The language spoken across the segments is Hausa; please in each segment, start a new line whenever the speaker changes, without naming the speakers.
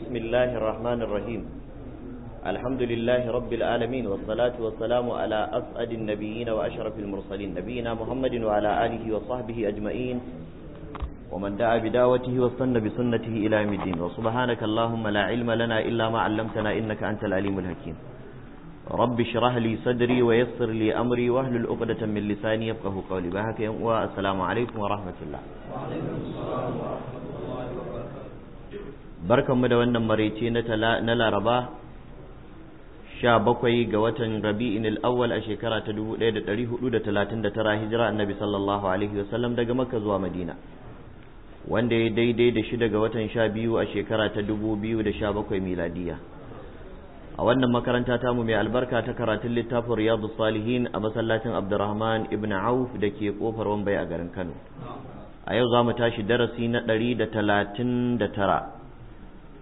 بسم الله الرحمن الرحيم الحمد لله رب العالمين والصلاة والسلام على أسعد النبيين وأشرف المرسلين نبينا محمد وعلى آله وصحبه أجمعين ومن دعا بدعوته واستنى بسنته إلى يوم الدين وسبحانك اللهم لا علم لنا إلا ما علمتنا إنك أنت العليم الحكيم رب اشرح لي صدري ويسر لي امري وأهل الأقدة من لساني يفقه قولي بهك والسلام السلام عليكم ورحمة الله
وعليكم السلام
barkanmu da wannan maraice na laraba sha bakwai ga watan rabi'in al'awwal a shekara ta dubu ɗaya da ɗari hudu da talatin da tara hijira annabi sallallahu alaihi wasallam daga makka zuwa madina wanda ya daidai da shida ga watan sha biyu a shekara ta dubu biyu da sha bakwai miladiya a wannan makaranta tamu mai albarka ta karatun littafin riyadu salihin a masallacin abdurrahman ibn auf da ke kofar wambai a garin kano a yau za mu tashi darasi na ɗari da talatin da tara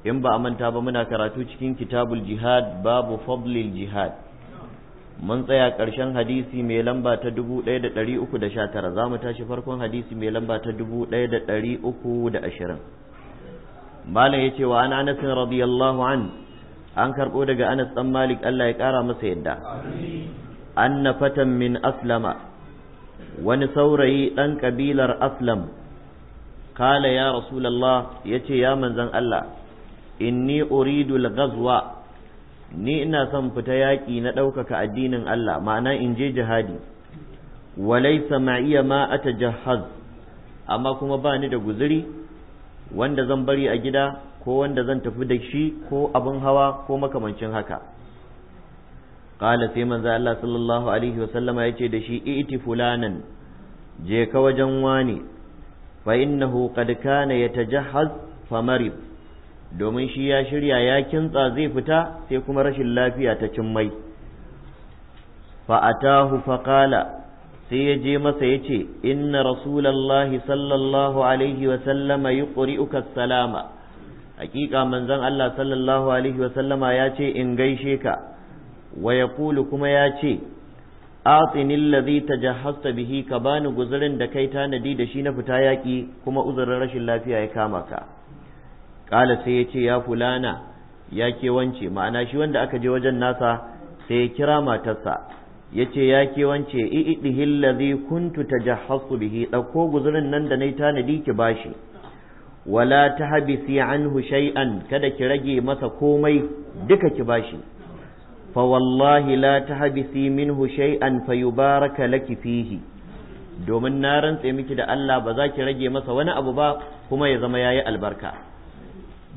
in ba a manta ba muna karatu cikin kitabul jihad babu fadlil jihad mun tsaya ƙarshen hadisi mai lamba ta 1319 za mu tashi farkon hadisi mai lamba ta 1320 malam ya ce wa an anas radiyallahu an an karɓo daga anas ɗan malik Allah ya ƙara masa yadda anna fatan min aslama wani saurayi ɗan ƙabilar aslam kala ya rasulallah ya ce ya manzan Allah inni uridu al-ghazwa ni ina son fita yaƙi na ɗaukaka addinin Allah ma'ana in je jihadi laysa ma'iya ma atajahhaz amma kuma ba ni da guzuri wanda zan bari a gida ko wanda zan tafi da shi ko abin hawa ko makamancin haka qala sai manzo Allah sallallahu alaihi wa sallama yace da shi iti fulanan je ka wajen wani fa innahu qad kana yatajahhaz famarib domin shi ya shirya ya kintsa zai fita sai kuma rashin lafiya ta cin mai fa'atahu faƙala sai ya je masa ya ce inna rasulallahi sallallahu alaihi wasallama yi ƙuri'uka salama hakika manzon Allah sallallahu alaihi wasallama ya ce in gaishe ka wa ya kuma ya ce atsinil ladhi tajahhasta bihi ka bani guzurin da kai tanadi da shi na fita yaƙi kuma uzurin rashin lafiya ya kama ka kala sai ya ce ya fulana ya ke wance ma'ana shi wanda aka je wajen nasa sai ya kira matarsa ya ce ya ke wance i'idihil ladhi kuntu tajahhasu bihi dauko guzurin nan da nayi tanadi ki bashi wala tahbisi anhu shay'an kada ki rage masa komai duka ki bashi fa wallahi la tahbisi minhu shay'an fayubaraka laki fihi domin na rantse miki da Allah ba za ki rage masa wani abu ba kuma ya zama yayi albarka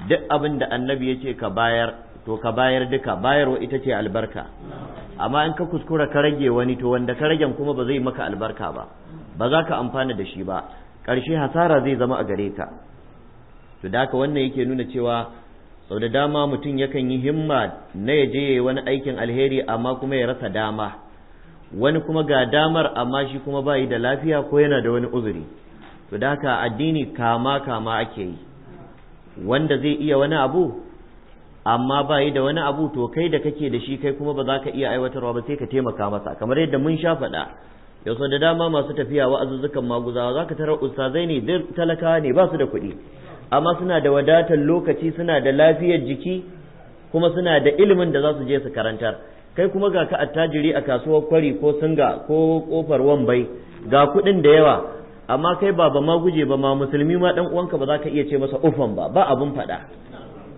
duk abin da annabi ya ce ka bayar to ka bayar duka bayarwa ita ce albarka amma in ka kuskura ka rage wani to wanda ka ragen kuma ba zai maka albarka ba ba za ka amfana da shi ba ƙarshe hasara zai zama a gare ka to da haka wannan yake nuna cewa sau da dama mutum yakan yi himma na ya je wani aikin alheri amma kuma ya rasa dama wani kuma ga damar amma shi kuma bayi da lafiya ko yana da wani uzuri to da haka addini kama kama ake yi wanda zai iya wani abu amma ba yi da wani abu to kai da kake da shi kai kuma ba za ka iya aiwatarwa ba sai ka taimaka masa kamar yadda mun sha faɗa yau da dama masu tafiya wa'azuzzukan maguzawa za ka tarar ustazai ne talakawa ne ba su da kuɗi amma suna da wadatar lokaci suna da lafiyar jiki kuma suna da ilimin da za su je su karantar kai kuma ga ka attajiri a kasuwar kwari ko singa ko kofar wambai ga kuɗin da yawa amma kai ba ba ma guje ba ma musulmi ma dan uwanka ba za ka iya ce masa ufan ba ba abun faɗa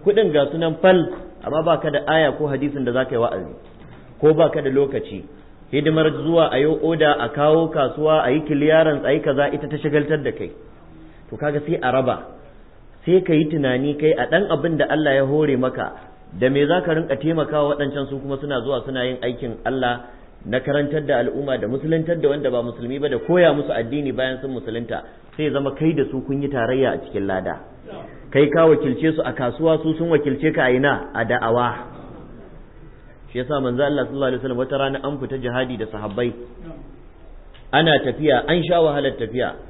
kuɗin ga sunan fal amma ba ka da aya ko hadisin da za ka yi wa'azi ko ba ka da lokaci hidimar zuwa a yi oda a kawo kasuwa a yi kiliyaran tsayi kaza ita ta shagaltar da kai to kaga sai a raba sai ka yi tunani kai a ɗan abin da Allah ya hore maka da me za ka rinka taimakawa waɗancan su kuma suna zuwa suna yin aikin Allah na karantar da al'umma da musuluntar da wanda ba musulmi ba da koya musu addini bayan sun musulunta sai zama kai da su kun yi tarayya a cikin lada kai ka wakilce su a kasuwa su sun wakilce ka a ina a da'awa shi yasa manzo Allah sallallahu alaihi wasallam wata rana an fita jihadi da sahabbai ana tafiya an sha wahalar tafiya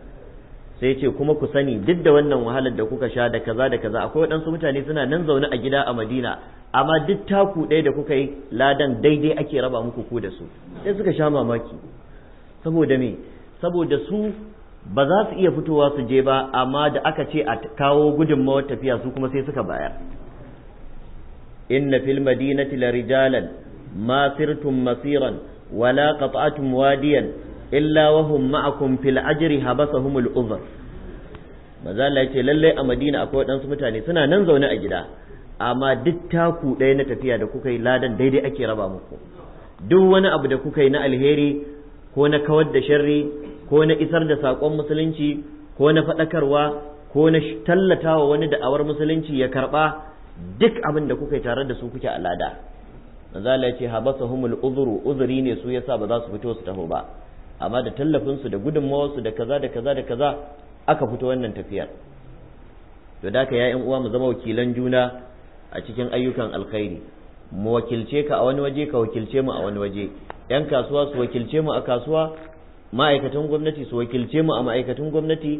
sai ce kuma ku sani duk da wannan wahalar da kuka sha da kaza da kaza akwai waɗansu mutane suna nan zaune a gida a madina amma duk taku ɗaya da kuka yi ladan daidai ake raba muku ku da su sai suka sha mamaki saboda me saboda su ba za su iya fitowa su je ba amma da aka ce a kawo gudunmawar tafiya su kuma sai suka bayar inna fil madinati larijalan ma sirtum masiran wala qata'tum wadiyan illa hum ma'akum fil ajri habasahumul uzr maza Allah yace lalle a Madina akwai waɗansu mutane suna nan zaune a gida amma duk taku ɗaya na tafiya da kuka yi ladan daidai ake raba muku duk wani abu da kuka yi na alheri ko na kawar da sharri ko na isar da saƙon musulunci ko na faɗakarwa ko na tallatawa wani da'awar musulunci ya karɓa duk abin da kuka yi tare da su kuke a lada manzo Allah ya habasahumul uzuri ne su yasa ba za su fito su taho ba amma da tallafin su da gudunmawarsu da kaza da kaza da kaza aka fito wannan tafiyar to da ka 'yan uwa mu zama wakilan juna a cikin ayyukan alkhairi mu wakilce ka a wani waje ka wakilce mu a wani waje yan kasuwa su wakilce mu a kasuwa ma'aikatan gwamnati su wakilce mu a ma'aikatan gwamnati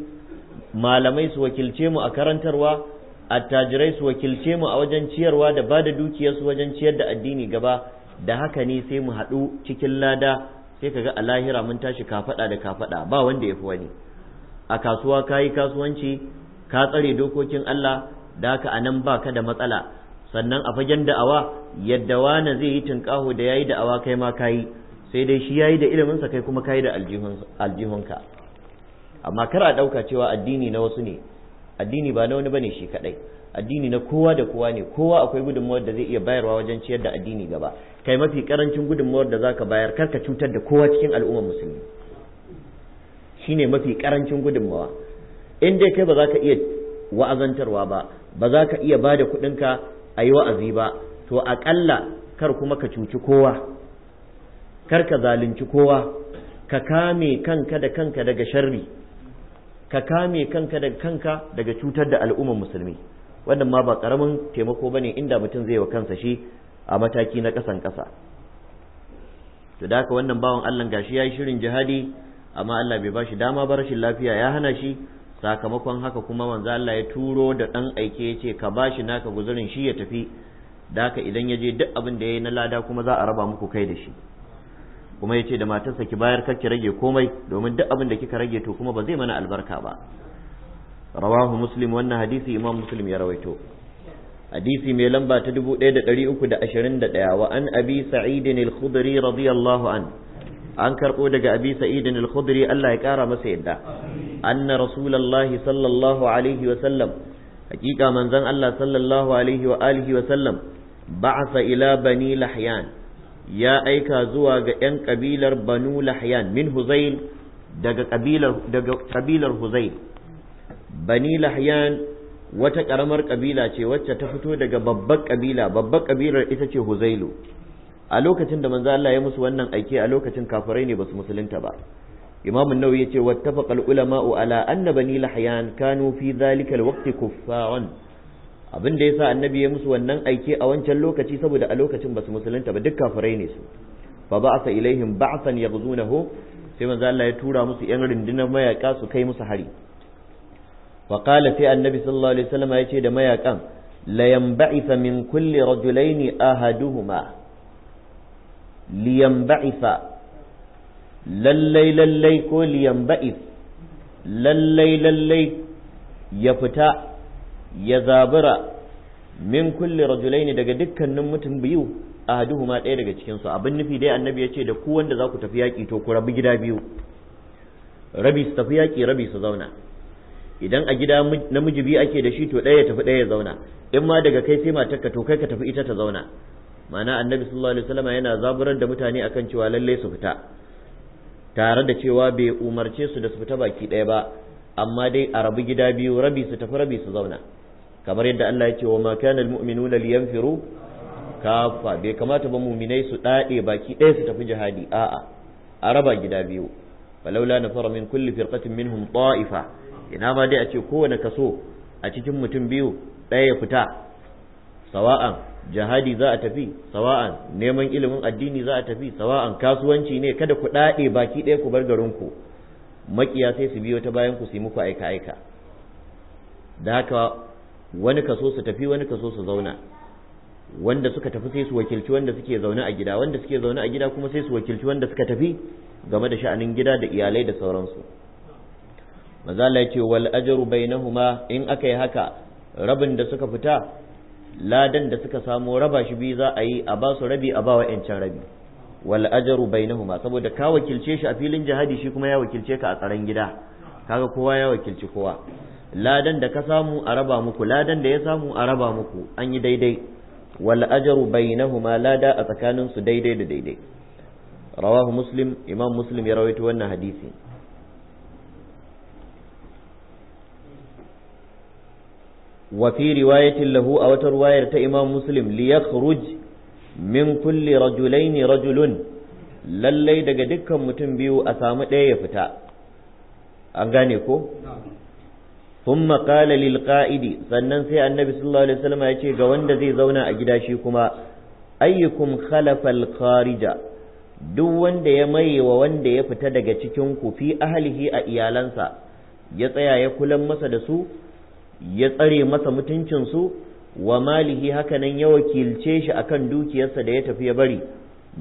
malamai su wakilce mu a karantarwa attajirai su wakilce mu a wajen ciyarwa da ba da dukiyarsu wajen ciyar da addini gaba da haka ne sai mu haɗu cikin lada sai kaga a lahira mun tashi kafada da kafada ba wanda ya fi wani a kasuwa ka yi kasuwanci ka tsare dokokin Allah da haka a nan ba ka da matsala sannan a fagen da'awa yadda wani zai yi tunƙaho da ya yi da'awa kai ma ka yi sai dai shi ya yi da iliminsa kai kuma ka yi da aljihunka amma kar a ɗauka cewa addini na wasu ne addini ba na wani ne shi kaɗai addini na kowa da kowa ne kowa akwai gudunmawar da zai iya bayarwa wajen ciyar da addini gaba kai mafi karancin gudunmawar da zaka bayar kar ka cutar da kowa cikin al'ummar musulmi shine mafi karancin gudunmawa in dai kai ba za ka iya wa'azantarwa ba ba za ka iya ba da kuɗinka a yi wa'azi ba to aƙalla kar kuma ka cuci kowa kar ka zalunci kowa ka kame kanka da kanka daga sharri ka kame kanka da kanka daga cutar da al'ummar musulmi wannan ma ba karamin taimako bane inda mutum zai wa kansa shi a mataki na kasan kasa to da haka wannan bawan Allah gashi yayi shirin jihadi amma Allah bai bashi dama ba rashin lafiya ya hana shi sakamakon haka kuma manzo Allah ya turo da dan aike yace ka bashi naka guzurin shi ya tafi da haka idan ya je duk abin da yayi na lada kuma za a raba muku kai da shi kuma ya ce da matarsa ki bayar kar ki rage komai domin duk abin da kika rage to kuma ba zai mana albarka ba rawahu muslim wannan hadisi imam muslim ya rawaito hadisi mai lamba ta 1321 wa an abi sa'idin al-khudri radiyallahu an an karbo daga abi sa'idin al-khudri Allah ya kara masa yadda anna rasulullahi sallallahu alaihi wa sallam hakika manzon Allah sallallahu alaihi wa alihi wa sallam ba'asa ila bani lahyan ya aika zuwa ga 'yan kabilar banu lahyan min huzail daga kabilar daga kabilar huzail bani lahyan wata karamar kabila ce wacce ta fito daga babbar kabila babbar kabilar ita ce huzailu a lokacin da manzo Allah ya musu wannan aiki a lokacin kafirai ne basu musulunta ba imam an ya ce wattafaqa al-ulama'u ala anna bani lahyan kanu fi dhalika al kuffaran abin da yasa annabi ya musu wannan aiki a wancan lokaci saboda a lokacin basu musulunta ba duk kafirai ne su fa ba'atha ilaihim ba'than yaghzunahu sai manzo Allah ya tura musu yan rundunar mayaka su kai musu hari وقال في sai annabi sallallahu alaihi وسلم ya ce da mayakan la min kulli rajulaini ahaduhuma li yanba'itha lallai lallai ko li yanba'ith lallai lallai ya fita ya zabura min rajulaini daga dukkanin mutum biyu ahaduhuma ɗaya daga cikinsu abin nufi dai annabi yace ce da ku wanda za ku tafi yaki to ku rabi gida biyu rabi su tafi yaƙi rabi su zauna idan a gida namiji biyu ake da shi to ɗaya ya tafi ɗaya ya zauna in ma daga kai sai matar ka to kai ka tafi ita ta zauna ma'ana annabi sallallahu alaihi wasallam yana zaburar da mutane akan cewa lalle su fita tare da cewa bai umarce su da su fita baki ɗaya ba amma dai a rabu gida biyu rabi su tafi rabi su zauna kamar yadda Allah ya ce wa ma kana almu'minuna liyanfiru kafa bai kamata ba muminai su ɗaɗe baki ɗaya su tafi jihadi a'a a raba gida biyu falaula nafara min kulli firqatin minhum ta'ifa ina ma dai a ce kowane kaso a cikin mutum biyu ɗaya ya fita sawa'an jihadi za a tafi sawa'an neman ilimin addini za a tafi sawa'an kasuwanci ne kada ku ɗaɗe baki ɗaya ku bar garinku makiya sai su biyo ta bayan ku su muku aika aika da haka wani kaso su tafi wani kaso su zauna wanda suka tafi sai su wakilci wanda suke zaune a gida wanda suke zaune a gida kuma sai su wakilci wanda suka tafi game da sha'anin gida da iyalai da sauransu mazala Allah wal'ajaru ce wal ajru bainahuma in aka yi haka rabin da suka fita ladan da suka samu raba shi biyu za a yi a ba su rabi a ba wa ƴancan rabi wal ajru bainahuma saboda ka wakilce shi a filin jihadi shi kuma ya wakilce ka a tsaron gida kaga kowa ya wakilci kowa ladan da ka samu a raba muku ladan da ya samu a raba muku an yi daidai wal ajru bainahuma lada a tsakanin su daidai da daidai rawahu muslim imam muslim ya rawaito wannan hadisi wa fi riwayatin lahu a wata ruwayar ta imam muslim li yakhruj min kulli rajulaini rajulun lallai daga dukkan mutum biyu a samu ɗaya ya fita an gane ko ثم قال للقائد sannan sai annabi sallallahu alaihi wasallam ya ce ga wanda zai zauna a gida shi kuma ayyukum khalafal kharija duk wanda ya maye wa wanda ya fita daga cikin ku fi ahlihi a iyalansa ya tsaya ya kula masa da su ya tsare masa mutuncinsu wa malihi hakanan ya wakilce shi akan dukiyarsa da ya tafi ya bari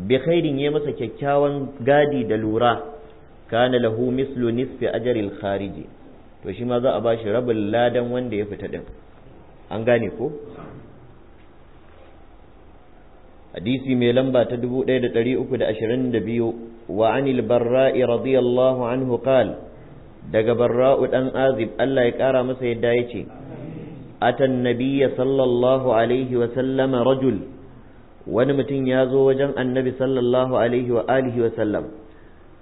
bi khairin ya masa kyakkyawan gadi da lura kana lahu mislu nisfi ajril khariji to shi ma za a bashi rabin ladan wanda ya fita din an gane ko hadisi mai lamba ta 1322 wa anil barra'i radiyallahu anhu qala daga barra'u ɗan azib Allah ya ƙara masa yadda ya ce atan nabiyya sallallahu alaihi wa sallama rajul wani mutum ya zo wajen annabi sallallahu alaihi wa alihi sallam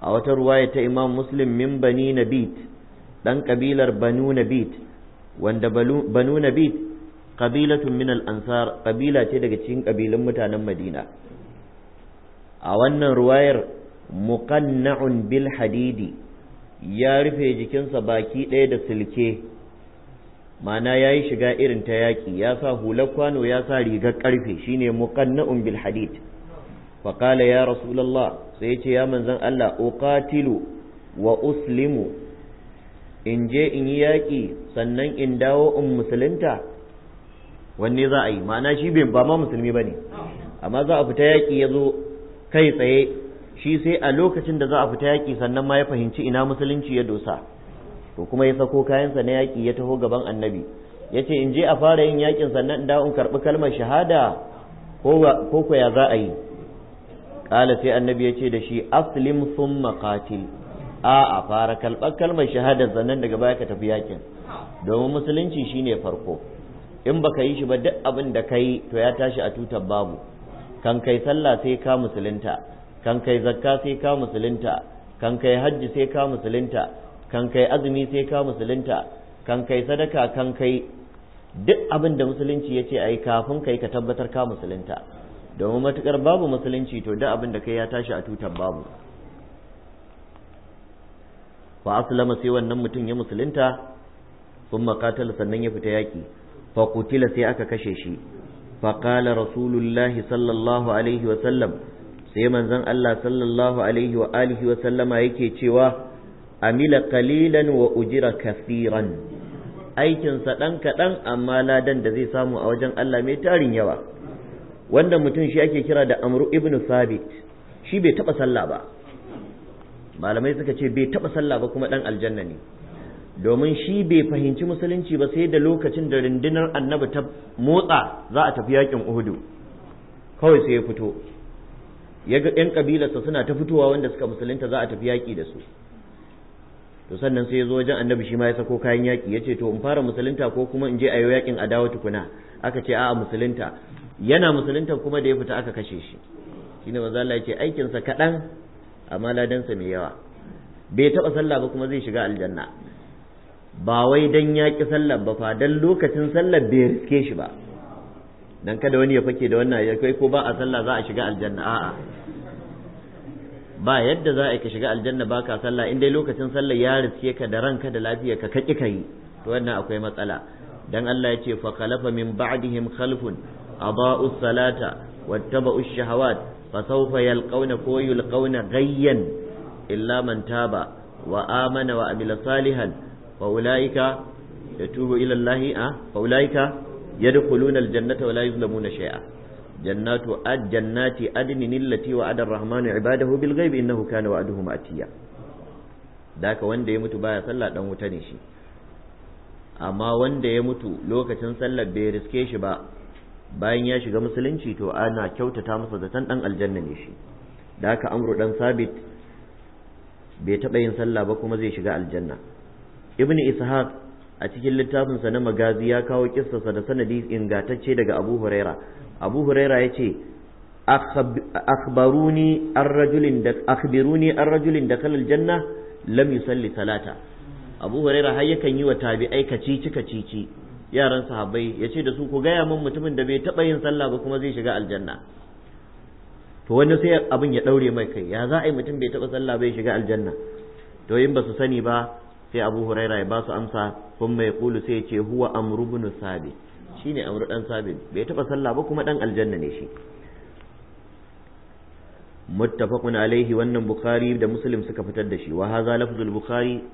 a wata ruwaya ta imam muslim min bani nabit dan kabilar banu nabit wanda banu nabit ƙabilatun min al-ansar ce daga cikin ƙabilun mutanen madina a wannan ruwayar muqanna'un bil hadidi ya rufe jikinsa baki ɗaya da silke mana ya yi shiga irin ta yaƙi ya sa hular kwano ya sa rigar ƙarfe shine muqanna'un bil hadid faƙala ya rasulallah sai ya ce ya manzan Allah uqatilu wa uslimu in je in yi yaƙi sannan in dawo in musulunta wanne za a yi ma'ana shi bai ba ma musulmi ba ne. amma za a fita yaƙi ya zo kai tsaye shi sai a lokacin da za a fita yaƙi sannan ma ya fahimci ina musulunci ya dosa to kuma ya sako kayansa na yaƙi ya taho gaban annabi ya ce in je a fara yin yaƙin sannan in dawo in karɓi kalmar shahada ko ko ya za a yi ƙala sai annabi ya ce da shi aslim summa a a'a fara kalbar kalmar shahada sannan daga baya ka tafi yaƙin domin musulunci shine farko in baka yi shi ba duk abin da ka yi to ya tashi a tutar babu kan kai sallah sai ka musulunta kan kai zakka sai ka musulunta kan kai hajji sai ka musulunta kan kai azumi sai ka musulunta kan kai sadaka kan kai duk abin da musulunci ya ce ai kafin kai ka tabbatar ka musulunta domin matukar babu musulunci to duk abin da kai ya tashi a tutar babu fa aslama sai wannan mutum ya musulunta sun makatala sannan ya fita yaki fa kutila sai aka kashe shi fa qala rasulullahi sallallahu alaihi wa sallam sai manzon Allah sallallahu alaihi wa alihi wa sallama yake cewa amila qalilan wa ujira kasiran. aikinsa dan kaɗan amma ladan da zai samu a wajen Allah mai tarin yawa wanda mutum shi ake kira da amru ibnu sabit shi bai taɓa sallah ba malamai suka ce bai taba sallah ba kuma ɗan aljanna ne domin shi bai fahimci musulunci ba sai da lokacin da rundunar annabi ta motsa za a tafi yakin uhudu kawai sai ya fito ya ga yan kabilarsa suna ta fitowa wanda suka musulunta za a tafi yaƙi da su to sannan sai ya zo wajen annabi shi ma ya sako kayan yaƙi ya ce to in fara musulunta ko kuma in je a yi yaƙin a tukuna aka ce a'a musulunta yana musulunta kuma da ya fita aka kashe shi shine manzo Allah ya ce aikinsa kaɗan amma ladansa mai yawa bai taɓa sallah ba kuma zai shiga aljanna ba wai dan yaƙi sallah ba fa dan lokacin sallah bai riske shi ba dan kada wani ya fake da wannan ya kai ko ba a sallah za a shiga aljanna a'a ba yadda za a ka shiga aljanna ba ka sallah in dai lokacin sallah ya riske ka da ranka da lafiya ka kaki kai to wannan akwai matsala dan Allah ya ce fa khalafa min ba'dihim khalfun aba'u salata wattaba'u shahawat fa sawfa yalqawna ko yulqawna ghayyan illa man taba wa amana wa amila salihan fa ulaika yatubu ila Allah a ah, fa ulaika yadkhuluna aljannata wa la yuzlamuna shay'a jannatu ad jannati adnin allati wa'ada ar-rahmanu ibadahu bil ghaibi innahu kana wa'aduhu ma'tiya daka wanda ya mutu baya sallah dan wuta ne shi amma wanda ya mutu lokacin sallar bai riske shi ba bayan ya shiga musulunci to ana kyautata masa zaton dan aljanna ne shi da amru dan sabit bai taɓa yin sallah ba kuma zai shiga aljanna ibnu ishaq a cikin littafin sa na magazi ya kawo sa da sanadi ingatacce daga abu huraira abu huraira ya ce akhbaruni ar-rajulin da akhbiruni ar-rajulin da kalal janna lam yusalli salata abu huraira har yakan yi wa tabi'ai kacici kacici yaran sahabbai yace da su ku gaya min mutumin da bai taba yin sallah ba kuma zai shiga aljanna to wani sai abin ya ɗaure mai kai ya za a yi mutum bai taba sallah bai shiga aljanna to in ba su sani ba sai abu huraira ya ba su amsa thumma yaqulu sai yace huwa amru ibn Shi shine amru dan sabit bai taba sallah ba kuma dan aljanna ne shi muttafaqun alaihi wannan bukhari da muslim suka fitar da shi wa hadha lafzul bukhari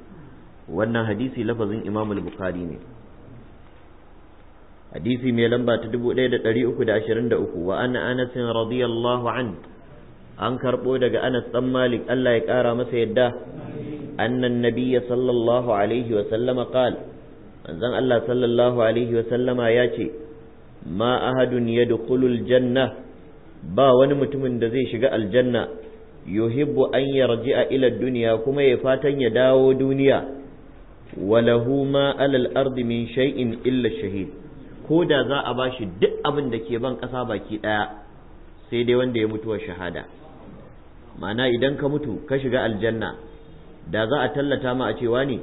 wannan hadisi lafazin imamul bukhari ne hadisi mai lamba ta 1323 wa ana anas radiyallahu an an karbo daga anas dan malik Allah ya kara masa yadda annan nabiyya sallallahu alaihi wa sallama qala manzon Allah sallallahu alaihi wa sallama ya ce ma ahadun yadkhulu janna ba wani mutumin da zai shiga aljanna yuhibbu an yarji'a ila duniya kuma ya fatan ya dawo duniya walahu ma alal ardi min shay'in illa shahid ko da za a bashi duk abin da ke ban ƙasa baki ɗaya sai dai wanda ya mutu wa shahada ma'ana idan ka mutu ka shiga aljanna da za a tallata ma a cewa ne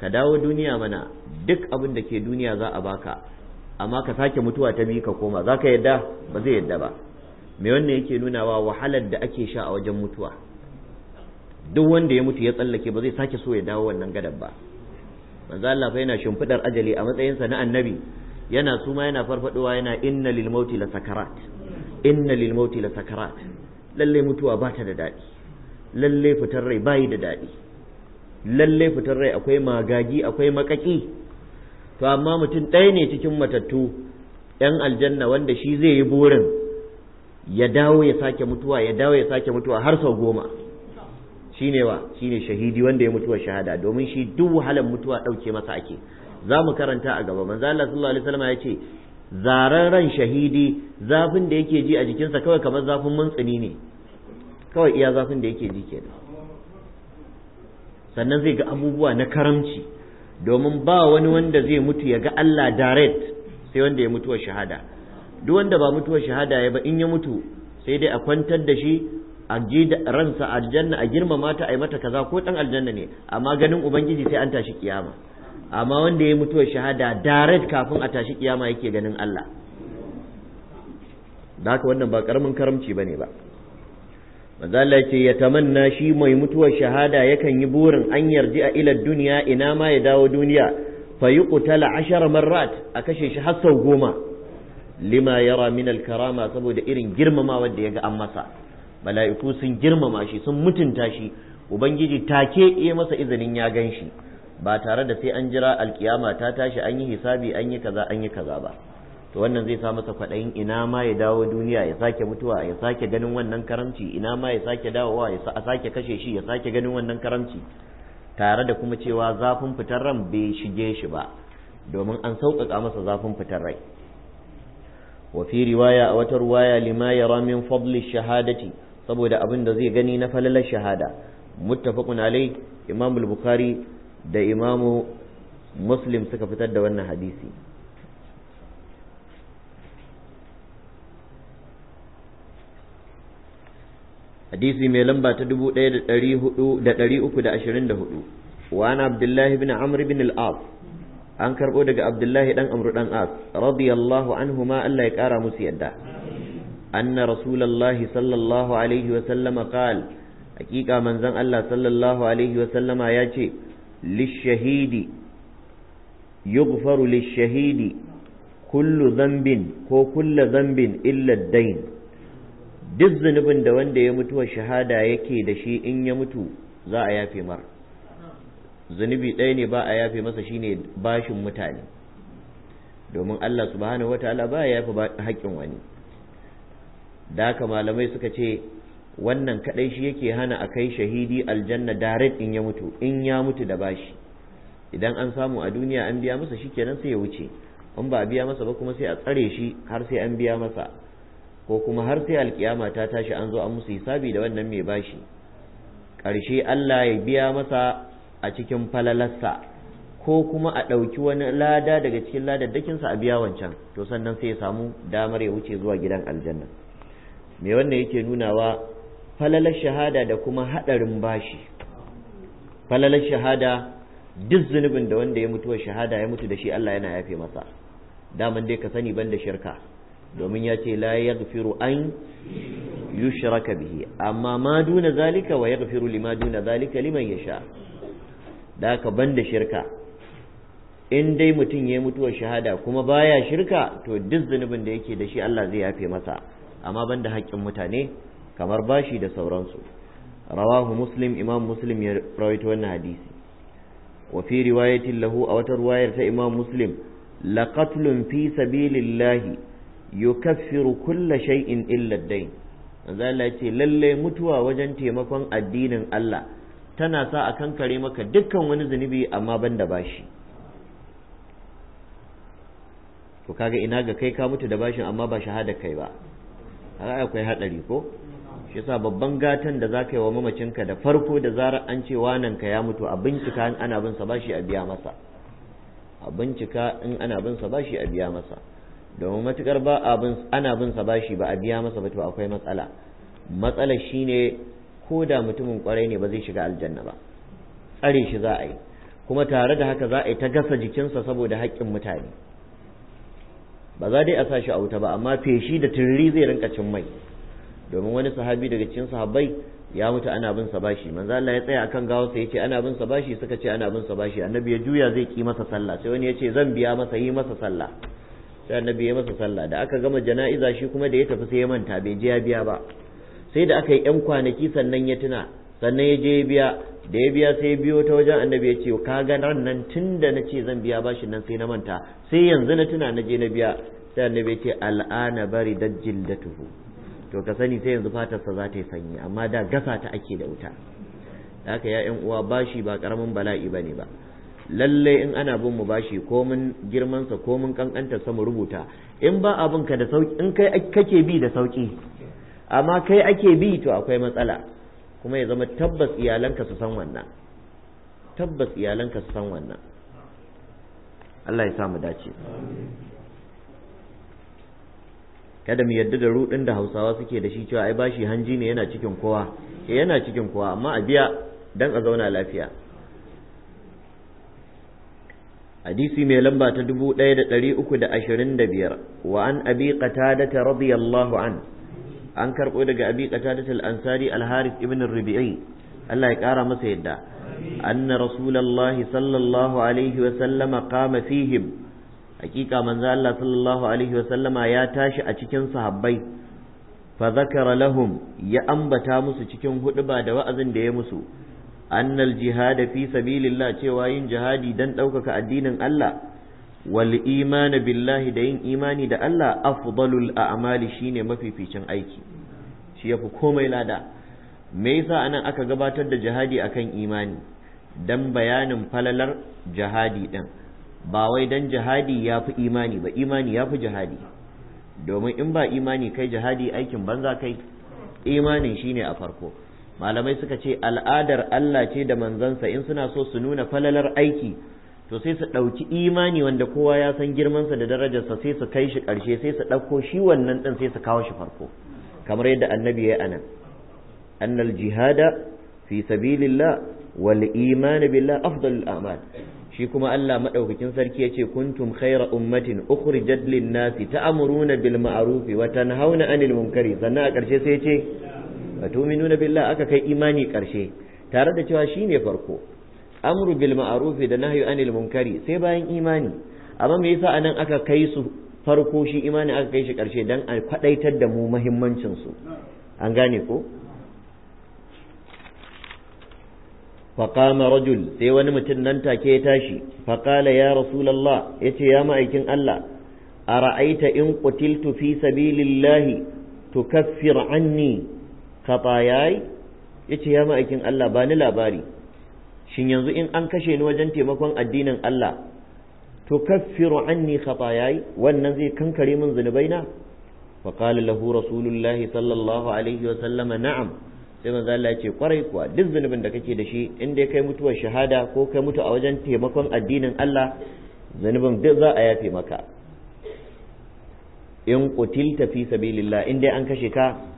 ka dawo duniya mana duk abin da ke duniya za a baka amma ka sake mutuwa ta bi ka koma za ka yadda ba zai yadda ba me wannan yake nunawa wahalar da ake sha a wajen mutuwa duk wanda ya mutu ya tsallake ba zai sake so ya dawo wannan gadar ba manzo Allah fa yana shimfidar ajali a matsayin sa na annabi yana suma yana farfadowa yana inna lil mauti la sakarat inna lil mauti la sakarat lalle mutuwa ba ta da dadi lalle fitar rai bayi da dadi Lallai fitar rai akwai magagi akwai makaki to amma mutum ɗaya ne cikin matattu yan aljanna wanda shi zai yi burin ya dawo ya sake mutuwa ya dawo ya sake mutuwa har sau goma shine wa shine shahidi wanda ya mutuwa shahada domin shi duk wahalar mutuwa ɗauke masa ake za mu karanta a gaba manzo Allah sallallahu alaihi wasallam ya ce zaran ran shahidi zafin da yake ji a jikinsa kawai kamar zafin muntsini ne kawai iya zafin da yake ji kenan sannan zai ga abubuwa na karamci domin ba wani wanda zai mutu ya ga Allah direct sai wanda ya mutuwa shahada duk wanda ba mutuwa shahada ya ba in ya mutu sai dai a kwantar da shi a ji ransa aljanna a girmama ta a yi mata kaza ko dan aljanna ne amma ganin ubangiji sai an tashi kiyama amma wanda ya mutuwa shahada direct kafin a tashi kiyama yake ganin Allah da haka wannan ba karamin karamci bane ba manzo Allah ya ce ya tamanna shi mai mutuwar shahada yakan yi burin an yarji a ilar duniya ina ma ya dawo duniya fa yi utala ashara marrat a kashe shi har sau goma lima yara min karama saboda irin girmamawa da ga an masa mala'iku sun girmama shi sun mutunta shi ubangiji take iya masa izinin ya gan shi ba tare da sai an jira alkiyama ta tashi an yi hisabi an yi kaza an yi kaza ba to wannan zai sa masa kwaɗayin ina ma ya dawo duniya ya sake mutuwa ya sake ganin wannan karamci ina ma ya sake dawowa ya sake kashe shi ya sake ganin wannan karamci tare da kuma cewa zafin fitar ran bai shige shi ba domin an sauƙaƙa masa zafin fitar rai wa fi riwaya a wata riwaya lima ya ramin fadli shahadati saboda abin da zai gani na falalar shahada muttafaqun alai imam al-bukhari da imamu muslim suka fitar da wannan hadisi hadisi mai lamba ta dubu 1424 wa ana abdullahi bin amr bin al-as an karɓo daga abdullahi dan amru ɗan as radiyallahu anhuma Allah ya kara musu yadda anna rasulullahi sallallahu alaihi wa sallama qala hakika manzon Allah sallallahu alaihi wa sallama ya ce lishahidi yughfaru lishahidi kullu dhanbin ko kullu zambin, illa dain." duk zunubin da wanda ya mutuwa shahada yake da shi in ya mutu za a yafe mar zunubi ɗaya ne ba a yafe masa shi ne bashin mutane domin Allah subhanahu wataala ba ya yafe haƙƙin wani da haka malamai suka ce wannan kaɗai shi yake hana a kai shahidi aljanna direct in ya mutu in ya mutu da bashi idan an samu a duniya an biya masa shi kenan sai ya wuce in ba a biya masa ba kuma sai a tsare shi har sai an biya masa ko kuma har sai alkiyama ta tashi an zo an musu hisabi da wannan mai bashi ƙarshe Allah ya biya masa a cikin falalarsa ko kuma a ɗauki wani lada daga cikin ladaddakinsa a biya wancan to sannan sai ya samu damar ya wuce zuwa gidan aljanna Mai wannan yake nunawa falalar shahada da kuma haɗarin bashi falalar shahada duk zunubin da wanda ya mutu wa shahada ya mutu da shi Allah yana yafe masa daman dai ka sani ban da shirka domin ya ce la yaghfiru an yushraka bihi amma ma duna zalika wa ya yaghfiru lima duna zalika liman sha. da ban banda shirka in dai mutum ya mutuwa shahada kuma baya shirka to duk zunubin da yake da shi Allah zai yafe masa amma banda haƙƙin mutane kamar bashi da sauransu rawahu muslim imam muslim ya rawaito wannan hadisi wa fi riwayatin lahu a wata ruwayar ta imam muslim laqatlun fi sabilillahi yukaffiru kulla shay'in illa dain manzo Allah ce lalle mutuwa wajen taimakon addinin Allah tana sa a kankare maka dukkan wani zunubi amma banda bashi to kaga ina ga kai ka mutu da bashin amma ba shahada kai ba kaga akwai hadari ko shi yasa babban gatan da zaka yi wa ka da farko da zarar an ce wanan ka ya mutu a bincika in ana bin sa bashi a biya masa a bincika in ana bin sa bashi a biya masa domin matukar ba abin ana bin sa bashi ba a biya masa ba to akwai matsala matsalar shine ko da mutumin kwarai ne ba zai shiga aljanna ba tsare shi za a yi kuma tare da haka za a yi ta gasa jikinsa saboda haƙƙin mutane ba za dai a sa shi a wuta ba amma feshi da turri zai rinka cin mai domin wani sahabi daga cikin sahabbai ya mutu ana bin sa bashi manzo Allah ya tsaya akan gawarsa yace ana bin sa bashi suka ce ana bin sa bashi annabi ya juya zai ki masa sallah sai wani yace zan biya masa yi masa sallah sai annabi ya masa sallah da aka gama jana'iza shi kuma da ya tafi sai ya manta bai je ya biya ba sai da aka yi yan kwanaki sannan ya tuna sannan ya je ya biya da ya biya sai ya biyo ta wajen annabi ya ce ka ga ran nan tun da na ce zan biya bashi nan sai na manta sai yanzu na tuna na je na biya sai annabi ya ce al'ana bari dajjil da tuhu to ka sani sai yanzu fatarsa za ta yi sanyi amma da gasa ta ake da wuta Da aka ya yan uwa bashi ba karamin bala'i bane ba lalle in ana bin mu bashi ko mun girman ko mun kankanta sa mu rubuta in ba abin ka da sauki in kai kake bi da sauki amma kai ake bi to akwai matsala kuma ya zama tabbas iyalanka su san wannan tabbas iyalanka su san wannan Allah ya sa mu dace kada mu yadda da rudin da Hausawa suke da shi cewa ai bashi hanji ne yana cikin kowa eh, yana cikin kowa amma a biya dan a zauna lafiya hadisi mai lamba ta 1325 wa an abi qatadata radiyallahu an an karbo daga abi qatadata al-ansari al-harith ibn ar-rabi'i Allah ya kara masa yadda anna rasulullahi sallallahu alaihi wa sallama qama fihim hakika manzo Allah sallallahu alaihi wa sallama ya tashi a cikin sahabbai fa lahum ya ambata musu cikin hudu da wa'azin da ya musu annal jihad fi sabilillah cewa yin jihadi dan ɗaukaka addinin Allah walimana billahi da yin imani da Allah afdalul a'mali shine mafificin aiki shi yafi komai lada me yasa anan aka gabatar da jihadi akan imani dan bayanin falalar jihadi ɗin, ba wai dan jihadi yafi imani ba imani yafi jihadi domin in ba imani kai jihadi aikin banza kai imanin shine a farko malamai suka ce al'adar Allah ce da manzansa in suna so su nuna falalar aiki to sai su ɗauki imani wanda kowa ya san girmansa da darajarsa sai su kai shi ƙarshe sai su ɗauko shi wannan ɗin sai su kawo shi farko kamar yadda annabi ya anan annal jihada fi sabilillah wal iman billah afdalul a'mal shi kuma Allah madaukakin sarki yace kuntum khaira ummatin ukhrijat lin nasi ta'muruna bil ma'ruf wa tanhauna 'anil munkari sannan a ƙarshe sai ce. wa tu'minuna billahi aka kai imani karshe tare da cewa shine farko amru bil ma'ruf da nahyu anil munkari sai bayan imani amma me yasa anan aka kai su farko shi imani aka kai shi karshe dan a kwadaitar da mu muhimmancin su an gane ko فقام رجل sai wani mutum nan take ya tashi faqala ya rasulullah yace ya ma'aikin Allah ara'aita in qutiltu fi sabilillahi tukaffir anni khatayai yace ya ma'aikin Allah ba ni labari shin yanzu in an kashe ni wajen taimakon addinin Allah to kaffiru anni khatayai wannan zai kankare min zunubaina fa qala lahu rasulullah sallallahu alaihi wa sallama na'am sai manzo Allah ya ce kwarai kuwa duk zunubin da kake da shi in dai kai mutuwar shahada ko kai mutu a wajen taimakon addinin Allah zunubin duk za a yafe maka in qutilta fi sabilillah in dai an kashe ka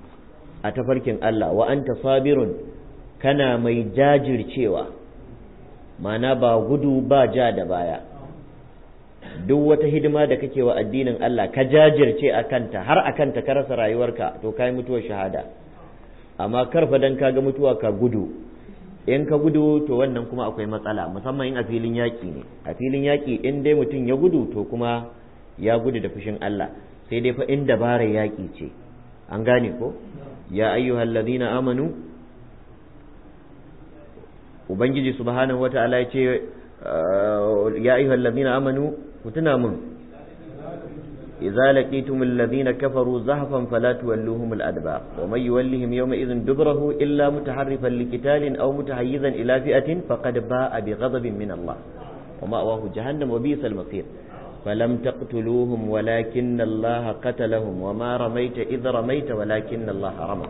a tafarkin Allah wa anta sabirun kana mai jajircewa mana ba gudu ba ja da baya duk wata hidima da kake wa addinin Allah ka jajirce a kanta har a kanta ka rasa rayuwarka to kai mutuwar shahada amma karfa dan ga mutuwa ka gudu in ka gudu to wannan kuma akwai matsala musamman in a filin yaƙi ne a filin yaƙi in dai mutum ya gudu to kuma ya gudu da fushin Allah sai dai fa in dabarar yaƙi ce an gane ko ya ayyuhal ladina amanu ubangiji subhanahu wata'ala ya ce ya ayyuhal ladina amanu ku tuna mun idza laqitumul ladina kafaru zahfan fala tuwalluhum adba wa may yuwallihim yawma idhin dubrahu illa mutaharrifan liqitalin aw mutahayyizan ila fi'atin faqad ba'a bighadabin min Allah wa ma'wahu jahannam wa masir فلم تقتلوهم ولكن الله قتلهم وما رميت إذ رميت ولكن الله رمى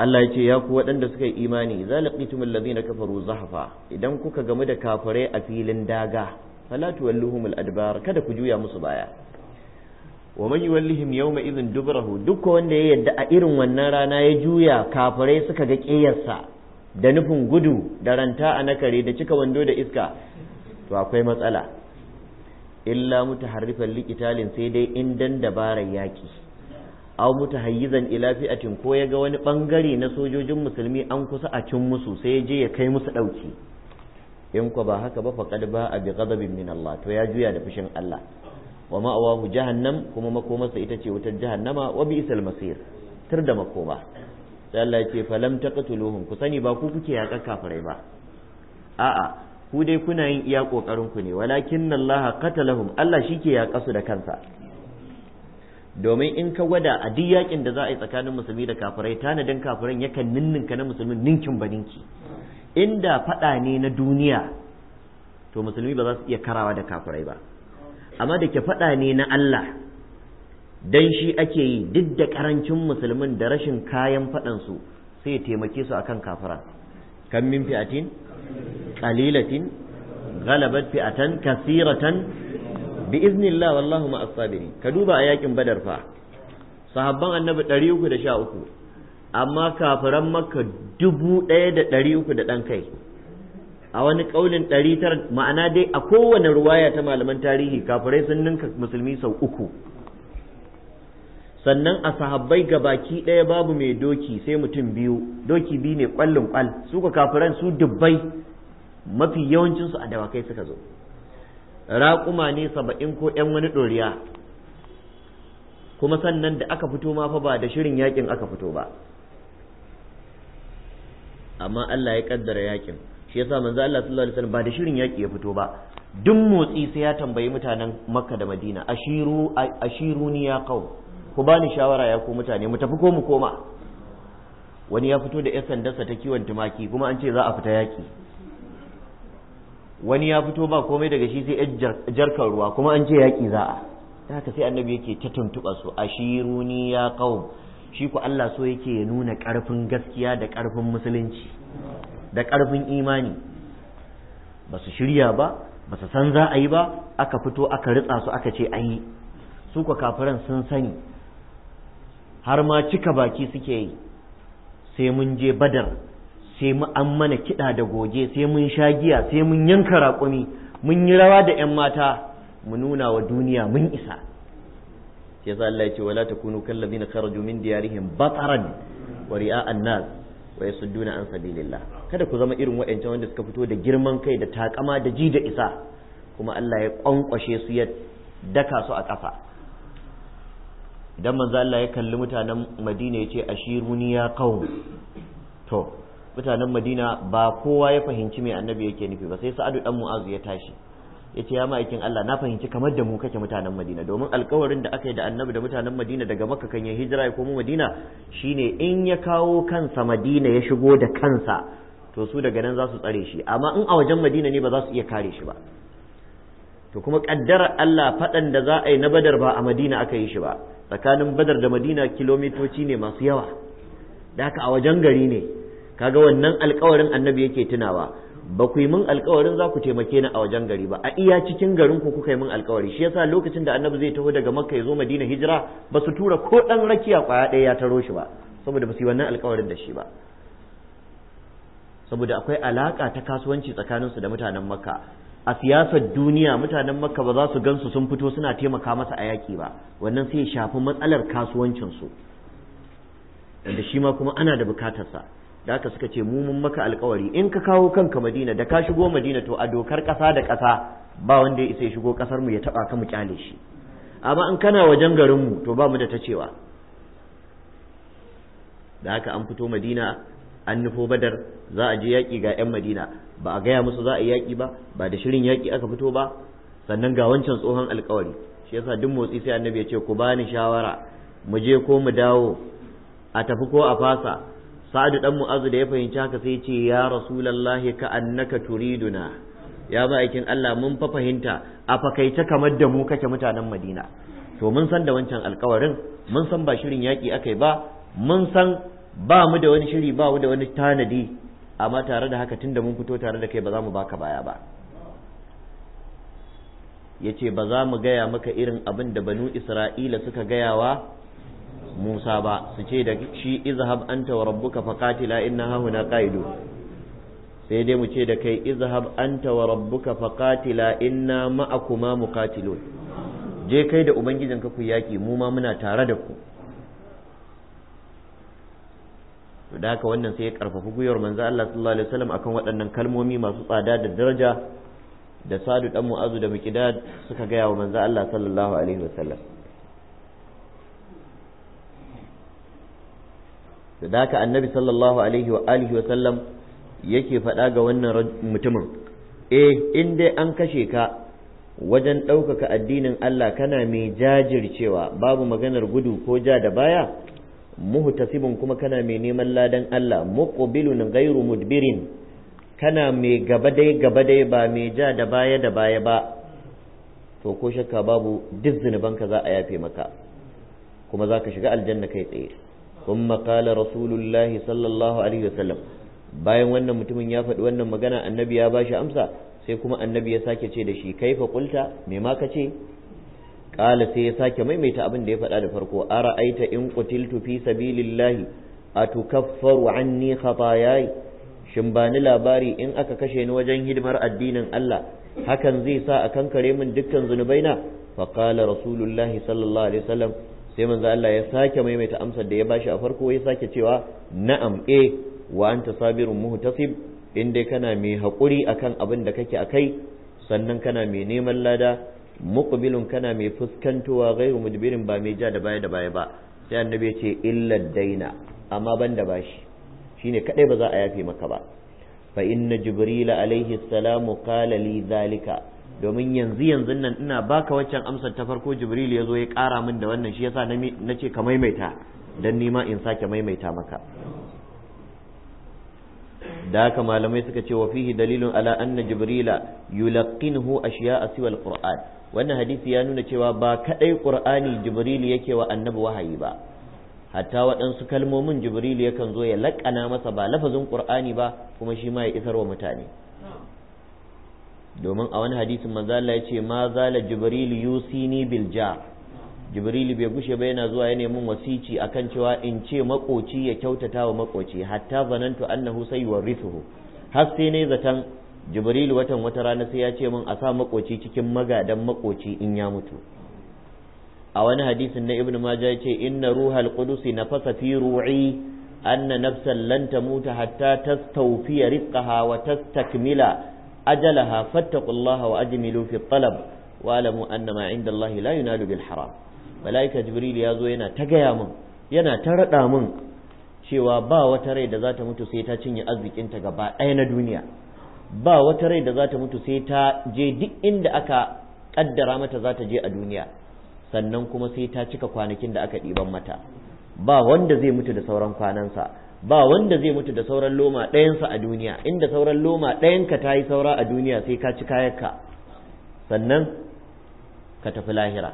Allah ya ce ya ku waɗanda suka yi imani za laqitum alladhina kafaru zahafa idan kuka gamu da kafirai a filin daga fala tuwalluhum al kada ku juya musu baya wa man yuwallihim yawma idhin dubrahu duk wanda ya yadda a irin wannan rana ya juya kafirai suka ga ƙeyarsa da nufin gudu da ranta a nakare da cika wando da iska to akwai matsala illa mutaharrifan liqitalin sai dai in dan dabarar yaki aw mutahayyizan ila fi'atin ko ya ga wani bangare na sojojin musulmi an kusa a cin musu sai je ya kai musu dauki in ko ba haka ba faqad ba bi ghadabin min Allah to ya juya da fushin Allah wa ma'awahu jahannam kuma makomarsa ita ce wutar jahannama wa bi'sal masir tur da makoma sai Allah ya ce falam taqtuluhum ku sani ba ku kuke yaka kafirai ba a'a ku dai kuna yin iya kokarin ku ne walakin Allah katalahum Allah shi ke ya su da kansa domin in ka gwada a duk yakin da za a yi tsakanin musulmi da kafirai tanadin kafiran yakan ninninka na musulmin ninkin baninki inda fada ne na duniya to musulmi ba za su iya karawa da kafirai ba amma da ke faɗa ne na Allah dan shi ake yi duk da karancin musulmin da rashin kayan fadan su sai ya taimake su akan kafira kan min fi'atin qalilatin ghalabat fi'atan kathiratan bi iznillah wallahu ma as ka duba a yakin badar fa sahabban annabi ɗari da 313 amma kafiran makka 1300 da ɗan kai a wani kaulin 900 ma'ana dai a kowane ruwaya ta malaman tarihi kafurai sun ninka musulmi sau uku sannan a sahabbai ga baki ɗaya babu mai doki sai mutum biyu doki biyu ne kwallon kwal su ka kafiran su dubbai mafi yawancinsu a dawakai suka zo raƙuma ne saba'in ko 'yan wani ɗoriya kuma sannan da aka fito ma fa ba da shirin yakin aka fito ba amma Allah ya kaddara yakin shi yasa manzo Allah sallallahu alaihi wasallam ba da shirin yaki ya fito ba duk motsi sai ya tambayi mutanen Makka da Madina ashiru ni ya qaum ku bani shawara ya ku mutane mu tafi ko mu koma wani ya fito da 'yan sandarsa ta kiwon tumaki kuma an ce za a fita yaki wani ya fito ba komai daga shi sai jarkar ruwa kuma an ce yaƙi za a ta haka sai annabi yake ta tuntuɓa su a shiruni ya qaum shi ku Allah so yake ya nuna ƙarfin gaskiya da ƙarfin musulunci da ƙarfin imani ba su shirya ba ba su san za a yi ba aka fito aka ritsa su aka ce a yi su ku kafiran sun sani har ma cika baki suke yi sai mun je badar sai mu an mana kiɗa da goge sai mun sha giya sai mun yanka raƙumi mun yi rawa da 'yan mata mu nuna wa duniya mun isa sai yasa Allah ya ce wala takunu kallazina kharaju min diyarihim bataran wa ri'a'an nas wa yasudduna an sabilillah kada ku zama irin waɗancan wanda suka fito da girman kai da takama da ji da isa kuma Allah ya kwankwashe su ya daka su a ƙasa idan manzo Allah ya kalli mutanen Madina ya ce ashiruni ya qaum to mutanen madina ba kowa ya fahimci mai annabi yake nufi ba sai sa'adu dan mu'azu ya tashi ya ce ya ma'aikin Allah na fahimci kamar da mu kake mutanen Madina domin alkawarin da aka yi da annabi da mutanen Madina daga makka kan ya hijira ya komo Madina ne in ya kawo kansa Madina ya shigo da kansa to su daga nan za su tsare shi amma in a wajen Madina ne ba za su iya kare shi ba to kuma kaddara Allah faɗan da za a yi na Badar ba a Madina aka yi shi ba tsakanin Badar da Madina kilomitoci ne masu yawa da haka a wajen gari ne kaga wannan alkawarin annabi yake tunawa ba ku yi min alkawarin za ku taimake ni a wajen gari ba a iya cikin garin ku kuka yi min alkawari shi yasa lokacin da annabi zai taho daga makka ya zo madina hijira ba su tura ko dan rakiya kwaya ɗaya ya taro shi ba saboda ba su yi wannan alkawarin da shi ba saboda akwai alaka ta kasuwanci tsakanin su da mutanen makka a siyasar duniya mutanen makka ba za su gansu sun fito suna taimaka masa a yaƙi ba wannan sai ya shafi matsalar kasuwancinsu wanda shi ma kuma ana da bukatarsa da haka suka ce mu mun maka alkawari in ka kawo kanka madina da ka shigo madina to a dokar kasa da kasa ba wanda ya isa ya shigo kasar mu ya taɓa ka mu kyale shi amma in kana wajen garin mu to ba mu da ta cewa da haka an fito madina an nufo badar za a je yaƙi ga 'yan madina ba a gaya musu za a yi yaƙi ba ba da shirin yaƙi aka fito ba sannan ga wancan tsohon alkawari shi yasa duk motsi sai annabi ya ce ku bani shawara mu je ko mu dawo a tafi ko a fasa sa'adu dan mu'azu da ya fahimci haka sai ce ya rasulullahi ka annaka turiduna ya ba aikin Allah mun fa fahimta a fakaice kamar da mu kake mutanen Madina to mun san da wancan alkawarin mun san ba shirin yaki akai ba mun san ba mu da wani shiri ba mu da wani tanadi amma tare da haka tunda mun fito tare da kai ba za mu baka baya ba yace ba za mu gaya maka irin abin da banu Isra'ila suka gayawa Musa ba su ce da shi izhab anta wa rabbuka faqatila inna hahuna qa'idu sai dai mu ce da kai izhab anta wa rabbuka faqatila inna ma'akuma muqatilun je kai da ubangijinka ku yaki mu ma muna tare da ku to da haka wannan sai ya karfafi gwiwar manzo Allah sallallahu alaihi wasallam akan waɗannan kalmomi masu tsada da daraja da sadu dan mu'azu da miqdad suka gaya wa manzo Allah sallallahu alaihi wasallam da haka annabi sallallahu alaihi wa alihi wa sallam yake faɗa ga wannan mutumin eh in dai an kashe ka wajen ɗaukaka addinin Allah kana mai jajircewa babu maganar gudu ko ja da baya muhtasibun kuma kana mai neman ladan Allah muqbilun ghairu mudbirin kana mai gaba dai gaba dai ba mai ja da baya da baya ba to ko shakka babu duk zunubanka za a yafe maka kuma za ka shiga aljanna kai tsaye ثم قال رسول الله صلى الله عليه وسلم bayan wannan mutumin ya faɗi wannan magana annabi ya bashi amsa sai kuma annabi ya sake ce da shi kaifa kulta me ma ka ce kala sai ya sake maimaita abin da ya faɗa da farko ara'aita in qutiltu fi sabilillahi atukaffaru anni khataayai shin ba ni labari in aka kashe ni wajen hidimar addinin Allah hakan zai sa a kankare min dukkan zunubaina fa qala rasulullahi sallallahu alaihi wasallam sai manzo Allah ya sake maimaita amsar da ya bashi a farko ya sake cewa na'am eh wa anta sabirun muhtasib in dai kana mai hakuri akan abin da kake akai sannan kana mai neman lada muqbilun kana mai fuskantowa ghairu mudbirin ba mai ja da baya da baya ba sai annabi ya ce illa daina amma ban da bashi shine kadai ba za a yafe maka ba fa inna jibril alaihi salamu qala li zalika domin yanzu yanzu nan ina baka waccan amsar ta farko jibril ya zo ya ƙara min da wannan shi yasa na ce ka maimaita don nima in sake maimaita maka da haka malamai suka ce wa fihi dalilun ala anna jibrila yulaqqinuhu ashiya'a siwal qur'an wannan hadisi ya nuna cewa ba kadai qur'ani jibril yake wa annabi wahayi ba hatta waɗansu kalmomin jibril yakan zo ya laƙana masa ba lafazin qur'ani ba kuma shi ma ya isar wa mutane domin a wani hadisin manzo Allah ya ce ma zala jibril yusini bil jar jibril bai gushe ba yana zuwa yana mun wasici akan cewa in ce makoci ya kyautata wa makoci hatta zanantu annahu warithuhu har sai ne zatan jibril watan wata rana sai ya ce mun a sa makoci cikin magadan makoci in ya mutu a wani hadisin na ibnu maja ya ce inna ruhal qudus nafasa fi ru'i anna nafsan lan tamuta hatta tastawfiya rizqaha wa tastakmila ajalaha fattaqullaha wa ajmilu fi talab wa alamu annama inda Allah la yunalu bil haram malaika jibril ya zo yana ta gaya mun yana ta rada mun cewa ba wata rai da za ta mutu sai ta cinye ta gaba ɗaya na duniya ba wata rai da za ta mutu sai ta je duk inda aka kaddara mata za ta je a duniya sannan kuma sai ta cika kwanakin da aka ɗiban mata ba wanda zai mutu da sauran kwanansa ba wanda zai mutu da sauran loma ɗayansa a duniya inda sauran loma ɗayanka ta yi saura a duniya sai ka ci kayanka sannan ka tafi lahira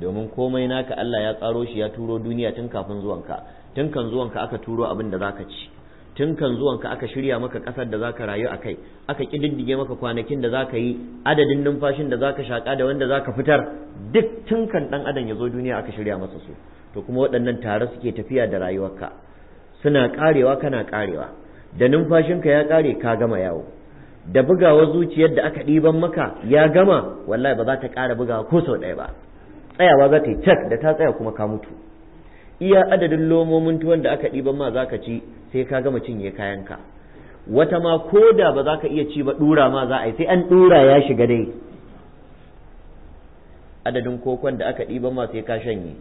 domin komai naka Allah ya tsaro shi ya turo duniya tun kafin zuwanka tun kan zuwanka aka turo abin da zaka ci tun kan zuwanka aka shirya maka ƙasar da zaka rayu a kai aka ƙididdige maka kwanakin da zaka yi adadin numfashin da zaka shaka da wanda zaka fitar duk tun kan ɗan adam ya zo duniya aka shirya masa su to kuma waɗannan tare suke tafiya da rayuwarka suna ƙarewa kana karewa da numfashinka ya ƙare ka gama yawo da bugawa zuciyar da aka ɗiban maka ya gama wallahi ba za ta ƙara bugawa ko sau ɗaya ba tsayawa za ta yi cak da ta tsaya kuma ka mutu iya adadin lomomin tuwon da aka ɗiban ma za ka ci sai ka gama cinye kayanka wata ma ko da ba za ka iya ci ba ɗura ma za a yi sai an ɗura ya shiga dai adadin kokon da aka ɗiban ma sai ka shanye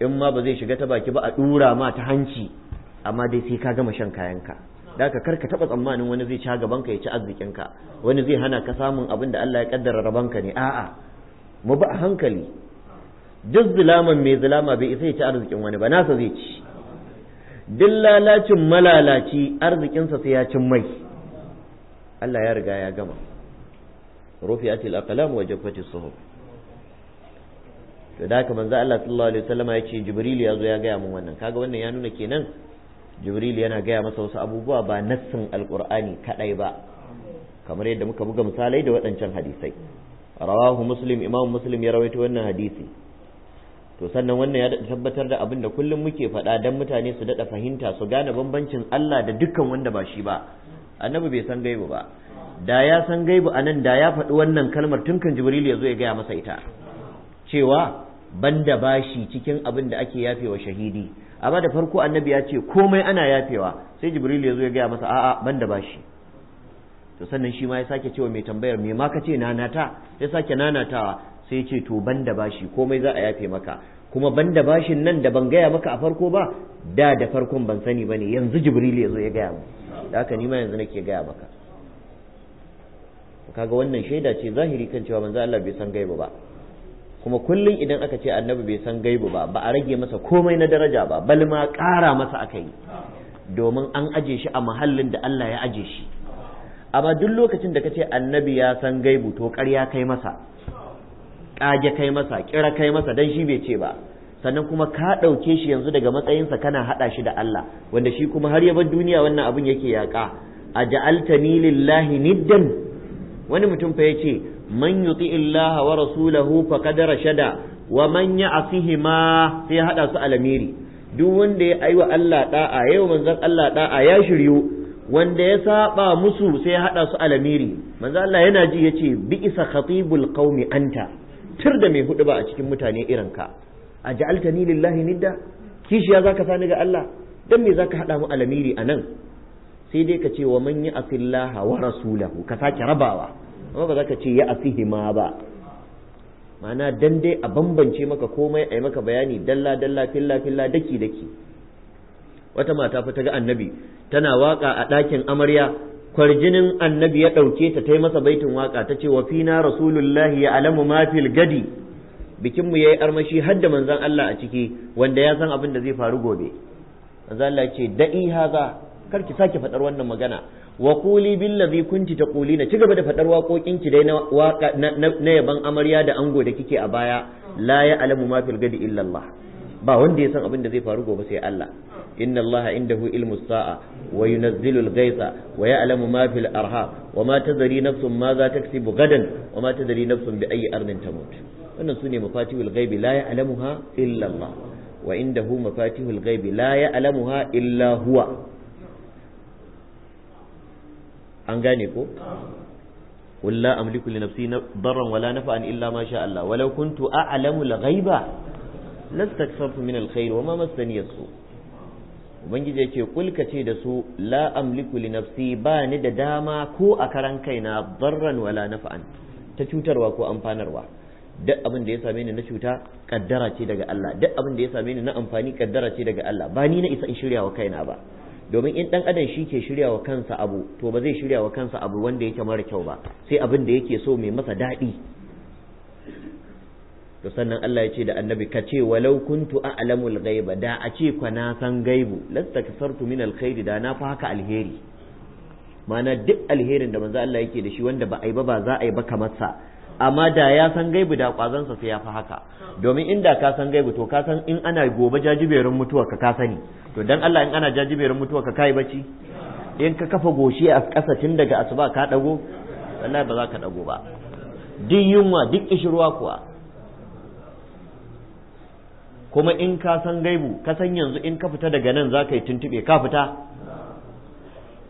in ma ba zai shiga ta baki ba a dura ma ta hanci amma dai sai ka gama shan kayanka da ka karka taba tsammanin wani zai ci gaban ka ya ci arzikin ka wani zai hana ka samun abin da Allah ya kaddara rabanka ne a'a mu ba hankali duk zulaman mai zulama bai isa ya ci arzikin wani ba nasa zai ci duk lalacin malalaci arzikinsa sai ya cin mai Allah ya riga ya gama rufiyatil aqlam wa jaffati suhuf to da haka manzo Allah sallallahu alaihi wasallama ya ce jibril ya zo ya gaya min wannan kaga wannan ya nuna kenan jibril yana gaya masa wasu abubuwa ba nassin alqur'ani kadai ba kamar yadda muka buga misalai da waɗancan hadisai rawahu muslim imam muslim ya rawaito wannan hadisi to sannan wannan ya tabbatar da abin da kullum muke faɗa dan mutane su daɗa fahimta su gane bambancin Allah da dukkan wanda ba shi ba annabi bai san gaibu ba da ya san gaibu anan da ya faɗi wannan kalmar tun kan jibril ya zo ya gaya masa ita cewa banda bashi cikin abin da ake yafewa shahidi amma da farko annabi ya ce komai ana yafewa sai jibril ya zo ya gaya masa a'a banda bashi to sannan shi ma ya sake cewa mai tambayar me ma kace nanata ya sake nanatawa sai ya ce to banda bashi komai za a yafe maka kuma banda bashin nan da ban gaya maka a farko ba da da farkon ban sani bane yanzu jibril ya zo ya gaya mu da haka ni ma yanzu nake gaya maka kaga wannan shaida ce zahiri kan cewa manzo Allah bai san gaiba ba kuma kullum idan aka ce annabi bai san gaibu ba ba a rage masa komai na daraja ba bal ma ƙara masa aka yi domin an aje shi a muhallin da Allah ya aje shi amma duk lokacin da ka ce annabi ya san gaibu to ƙarya kai masa ƙage kai masa kira kai masa dan shi bai ce ba sannan kuma ka ɗauke shi yanzu daga matsayinsa kana haɗa shi da Allah wanda shi kuma har ya bar duniya wannan abin yake yaƙa a ja'altani lillahi niddan wani mutum fa yace man yuti Allah wa rasulahu faqad rashada wa man asihima sai hada su alamiri duk wanda ya aiwa Allah da'a yau manzon Allah da'a ya shiryu wanda ya saba musu sai hada su alamiri manzon Allah yana ji yace bi isa khatibul qaumi anta tir da mai hudu ba a cikin mutane irin ka ni lillahi nidda kishiya zaka sani ga Allah dan me zaka hada mu alamiri anan sai dai ka ce wa man yi asillaha wa rasulahu ka sake rabawa amma ba za ka ce ya afihi ma ba ma'ana dan dai a bambance maka komai a yi maka bayani dalla dalla filla filla daki daki wata mata fa ta ga annabi tana waka a ɗakin amarya kwarjinin annabi ya ɗauke ta ta yi masa baitin waka ta ce wa fina rasulullahi ya alamu ma gadi bikinmu ya yi armashi har da manzan Allah a ciki wanda ya san abin da zai faru gobe manzan Allah ce da'i haza kar ki sake faɗar wannan magana Wakuli kuli billazi kunti taqulina ci gaba da faɗar waƙoƙin ki dai na yaban amarya da ango da kike a baya la ya alamu ma gadi illa ba wanda ya san abin da zai faru gobe sai Allah inna Allah indahu ilmu sa'a wa yunazzilu al-ghaytha wa ya'lamu ma fil arham wa ma tadri nafsun ma za taksibu wa ma tadri nafsun bi wannan sune la wa la huwa an gane ko قل لا أملك لنفسي illa ولا نفعا إلا ما شاء الله ولو كنت أعلم الغيب لاستكثرت من الخير وما مسني السوء ubangiji ce kulka ce da su la amliku li nafsi ba ni da dama ko a karan kaina barran wala naf'an ta cutarwa ko amfanarwa duk abin da ya same ni na cuta kaddara ce daga Allah duk abin da ya same ni na amfani kaddara ce daga Allah ba ni na isa in shirya wa kaina ba domin in dan adam shi ke shirya wa kansa abu to ba zai shirya wa kansa abu wanda yake mara kyau ba sai abin da yake so mai masa daɗi to sannan Allah ya ce da annabi ka ce walau kuntu a'lamul ghaiba da a ce kwa na san gaibu lastakasartu min alkhairi da na fa haka alheri mana duk alherin da manzo Allah yake da shi wanda ba a ba ba za a yi ba kamar sa amma da ya san gaibu da kwazansa sai ya fi haka domin inda ka san gaibu to ka san in ana gobe jajiberin mutuwa ka sani to dan Allah in ana jajiberin mutuwa ka kai bacci in ka kafa goshi a kasa tun daga asuba ka dago wallahi ba za ka dago ba duk yunwa duk kishirwa kuwa kuma in ka san gaibu ka san yanzu in ka fita daga nan za ka yi tuntube ka fita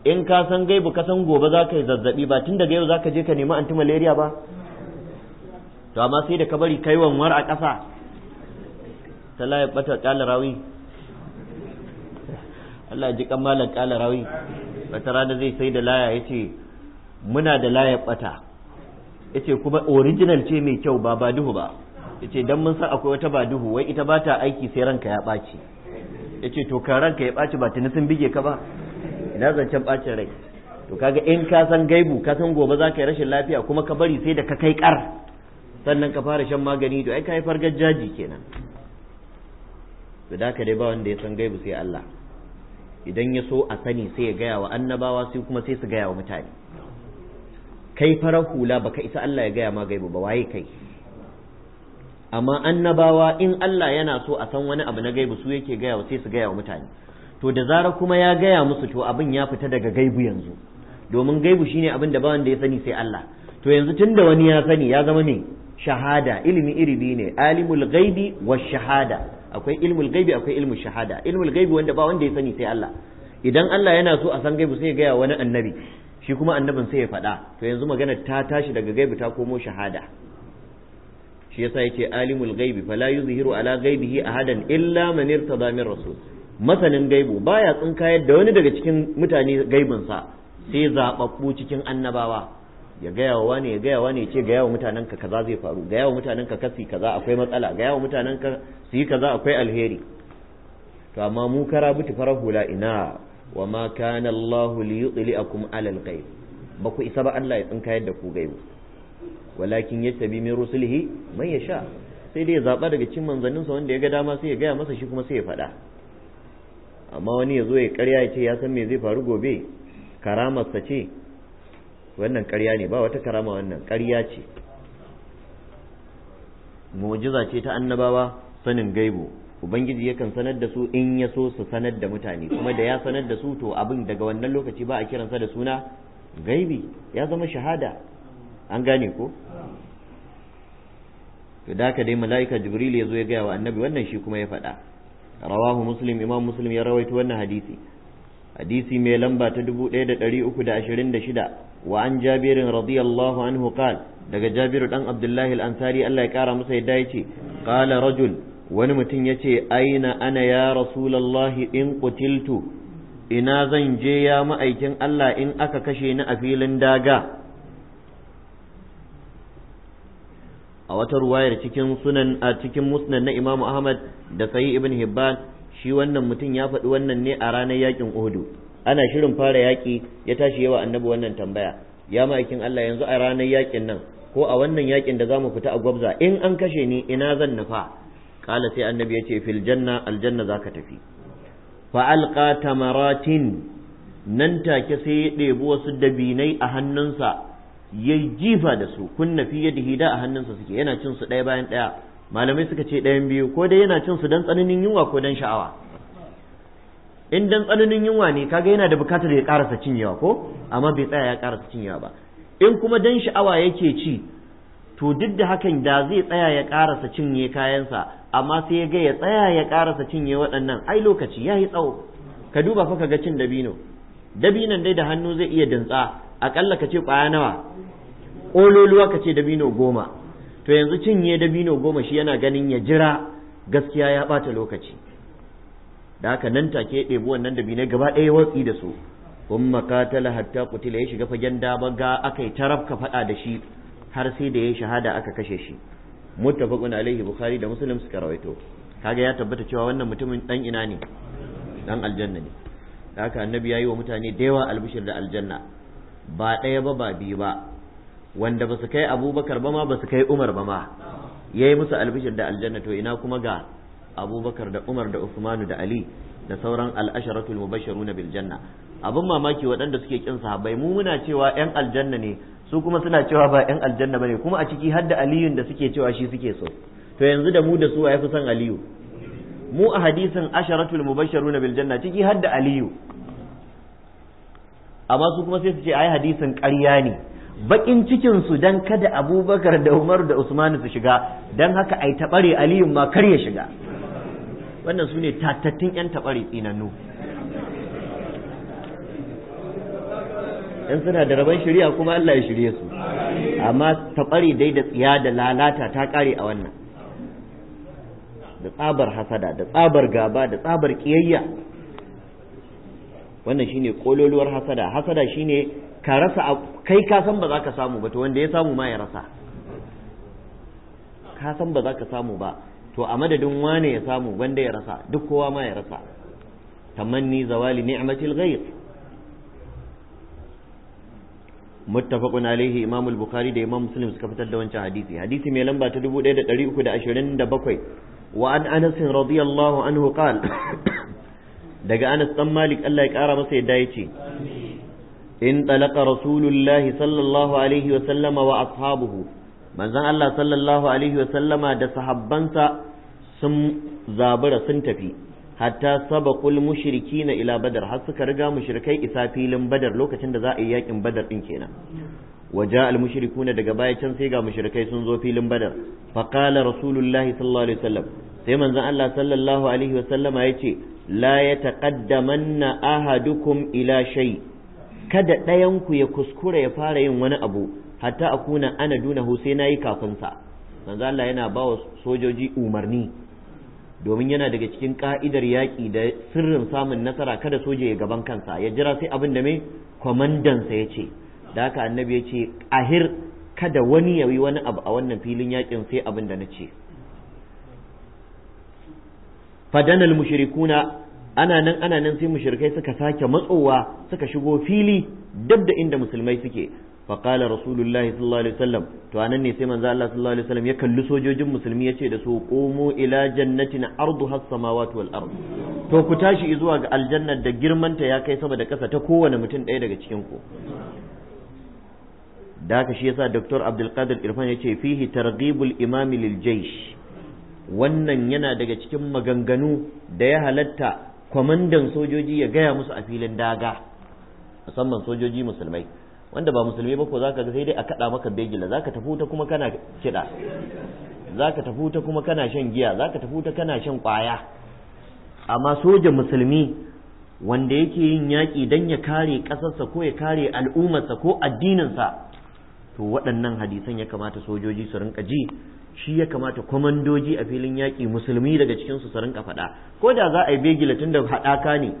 in ka san gaibu ka san gobe za ka yi zazzabi ba tun daga yau za ka je ka nemi anti malaria ba to amma sai da ka bari kai wanwar a ƙasa ta laye bata ƙala rawi Allah ji kan malam ƙala rawi wata rana zai sai da laya ya ce muna da laya bata ya ce kuma original ce mai kyau ba ba duhu ba ya ce don mun san akwai wata ba duhu wai ita ba ta aiki sai ranka ya ɓaci ya ce to ka ranka ya ɓaci ba tuni sun bige ka ba ina zancen ɓacin rai to kaga in ka san gaibu ka san gobe za ka yi rashin lafiya kuma ka bari sai da ka kai ƙar sannan ka fara shan magani da ai kai fargar jaji kenan to da ka dai ba wanda ya san gaibu sai Allah idan ya so a sani sai ya gaya wa annabawa sai kuma sai su gaya wa mutane kai farar hula baka isa Allah ya gaya ma gaibu ba waye kai amma annabawa in Allah yana so a san wani abu na gaibu su yake gaya wa sai su gaya wa mutane to da zarar kuma ya gaya musu to abin ya fita daga gaibu yanzu domin gaibu shine abin da ba wanda ya sani sai Allah to yanzu tunda wani ya sani ya zama ne? shahada ilimi iri ne alimul ghaibi wa shahada akwai ilmul ghaibi akwai ilmul shahada ilmul ghaibi wanda ba wanda ya sani sai Allah idan Allah yana so a san gaibi sai ya gaya wani annabi shi kuma annabin sai ya faɗa to yanzu magana ta tashi daga gaibi ta komo shahada shi yasa yake alimul ghaibi fala yuzhiru ala ghaibihi ahadan illa man irtada min rasul masanin gaibi baya tsinkayar da wani daga cikin mutane gaibinsa sai zababbu cikin annabawa ya gaya wa wani ya gaya wa ne ya ce gaya wa mutanen kaza zai faru gaya wa mutanen ka kasi kaza akwai matsala gaya wa mutanen ka su yi kaza akwai alheri to amma mu kara buti farar hula ina wa ma kana Allah li yudliakum alal ghaib ba ku isa ba Allah ya tsinka yadda ku gaibu walakin yatabi min rusulihi man yasha sai dai zaba daga cikin sa wanda ya ga dama sai ya gaya masa shi kuma sai ya faɗa amma wani ya zo ya karya ya ce ya san me zai faru gobe sa ce wannan ƙarya ne ba wata karama wannan ƙarya ce mu'jiza ce ta annabawa sanin gaibo. ubangiji yakan sanar da su in ya so su sanar da mutane kuma da ya sanar da su to abin daga wannan lokaci ba a kiransa da suna gaibi ya zama shahada an gane ko to da ka dai mala'ika jibril ya zo ya gaya wa annabi wannan shi kuma ya faɗa rawahu muslim imam muslim ya rawaito wannan hadisi hadisi mai lamba ta dubu ɗaya da da ɗari uku ashirin da shida wa'an jabirin radiyallahu anhu qal daga jabiru ɗan abdullahi al-ansari Allah ya kara masa yadda yace qala rajul wani mutum ya ce aina ana ya rasulullahi in qutiltu ina zan je ya ma'aikin Allah in aka kashe ni a filin daga a wata ruwayar cikin sunan a cikin musnan na Imam Ahmad da Sahih Ibn Hibban shi wannan mutum ya faɗi wannan ne a ranar yakin Uhudu ana shirin fara yaƙi ya tashi yawa annabi wannan tambaya ya ma'aikin Allah yanzu a ranar yakin nan ko a wannan yakin da zamu fita a gwabza in an kashe ni ina zan nufa kala sai annabi ya ce fil janna aljanna zaka tafi fa alqa tamaratin nan take sai ya ɗebi wasu dabinai a hannunsa ya jifa da su kunna fi yadihi da a hannunsa suke yana cin su ɗaya bayan ɗaya malamai suka ce ɗayan biyu ko dai yana cin su dan tsananin yunwa ko dan sha'awa in dan tsananin yunwa ne kaga yana da bukatar ya karasa cinyewa ko amma bai tsaya ya karasa cinyewa ba in kuma dan sha'awa yake ci to duk da hakan da zai tsaya ya karasa cinye kayansa amma sai ya ga ya tsaya ya karasa cinye waɗannan ai lokaci ya yi tsawo ka duba fa ga cin dabino dabinon dai da hannu zai iya dantsa akalla ka ce ƙwaya nawa ƙololuwa ka ce dabino goma to yanzu cinye dabino goma shi yana ganin ya jira gaskiya ya ɓata lokaci da haka nan take ya ɗebi wannan dabinai gaba ɗaya watsi da su kun makatala hatta kutila ya shiga fagen dama ga aka yi tarafka faɗa da shi har sai da ya shahada aka kashe shi muttafaqun alaihi bukhari da muslim suka rawaito kaga ya tabbata cewa wannan mutumin dan ina ne dan aljanna ne da haka annabi yayi wa mutane da yawa albishir da aljanna ba ɗaya ba ba biyu ba wanda ba su kai abubakar ba ma ba su kai umar ba ma ya yi musu albishir da aljanna to ina kuma ga abubakar da umar da usmanu da ali da sauran al'asharatul mubashiru na biljanna abin mamaki waɗanda suke kin sahabbai mu muna cewa yan aljanna ne su kuma suna cewa ba yan aljanna ba ne kuma a ciki har da aliyun da suke cewa shi suke so to yanzu da mu da su ya fi son aliyu mu a hadisin asharatul mubashiru na biljanna ciki har da aliyu amma su kuma sai su ce ai hadisin ƙarya ne bakin cikin su dan kada abubakar da umar da usman su shiga dan haka ai taɓare Aliyu ma kar ya shiga wannan su ne tatattun yan taɓare tsinannu in suna da rabon shari'a kuma Allah ya shirye su amma taɓare dai da tsiya da lalata ta ƙare a wannan da tsabar hasada da tsabar gaba da tsabar kiyayya wannan shine kololuwar hasada hasada shine ka rasa kai ka san ba za ka samu ba to wanda ya samu ma ya rasa ka san ba za ka samu ba to a madadin wane ya samu wanda ya rasa duk kowa ma ya rasa tamanni zawali ni'matil ghayr muttafaqun alayhi imam al-bukhari da imam muslim suka fitar da wancan hadisi hadisi mai lamba ta 1327 wa an anas radiyallahu anhu qala daga anas dan malik Allah ya kara masa yadda yace amin انطلق رسول الله صلى wa عليه وسلم وأصحابه manzon Allah sallallahu alaihi wa sallama da sahabbansa sun zabura sun tafi hatta sabaqul mushrikina ila badar har suka riga mushrikai isa filin badar lokacin da za a yi yakin badar ɗin kenan waja al mushrikuna daga baya can sai ga mushrikai sun zo filin badar fa qala rasulullahi sallallahu alaihi wasallam sai manzon Allah sallallahu alaihi wa sallama yace la yataqaddamanna ahadukum ila shai? kada ɗayanku ya kuskura ya fara yin wani abu hatta a kuna ana duna hu sai nayi kafin sa manzo Allah yana ba wa sojoji umarni domin yana daga cikin ka'idar yaƙi da sirrin samun nasara kada soja ya gaban kansa ya jira sai abin da mai kwamandansa ya ce da haka annabi ya ce ahir kada wani yayi wani abu a wannan filin yaƙin sai abin da na ce fadanal mushrikuna ana nan ana nan sai mushrikai suka sake matsowa suka shigo fili dab da inda musulmai suke faqala rasulullahi sallallahu alaihi wasallam to anan ne sai manzo Allah sallallahu alaihi wasallam ya kalli sojojin musulmi yace da su qumu ila jannatin arduha as-samawati wal ard to ku tashi zuwa ga aljanna da girmanta ya kai sama da kasa ta kowane mutum ɗaya daga cikin ku da haka shi yasa Dr. Abdul Qadir Irfan yace fihi targhibul imami lil jaysh wannan yana daga cikin maganganu da ya halatta kwamandan sojoji ya gaya musu a filin daga musamman sojoji musulmai wanda ba musulmi ba ko zaka ga sai dai a kada maka begila zaka tafi ta kuma kana kida zaka tafi ta kuma kana shan giya zaka tafi ta kana shan kwaya amma soja musulmi wanda yake yin yaƙi dan ya kare ƙasarsa ko ya kare al'ummarsa ko addininsa to waɗannan hadisan ya kamata sojoji su rinka ji shi ya kamata kwamandoji a filin yaƙi musulmi daga cikin su rinka faɗa ko da za a yi begila tun da haɗaka ne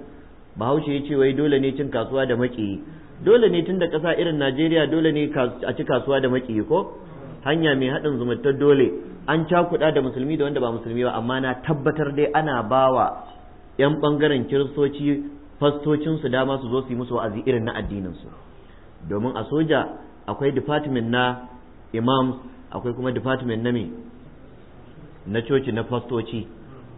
bahaushe ya ce wai dole ne cin kasuwa da maƙiyi dole ne tun da ƙasa irin najeriya dole ne a ci kasuwa da maƙiyi ko hanya mai haɗin zumuntar dole an ca cakuɗa da musulmi da wanda ba musulmi ba amma na tabbatar dai ana bawa 'yan bangaren kiristoci fastocinsu dama su zo su yi musu wa'azi irin na addinin su domin a soja akwai department na imams akwai kuma department na me na coci na fastoci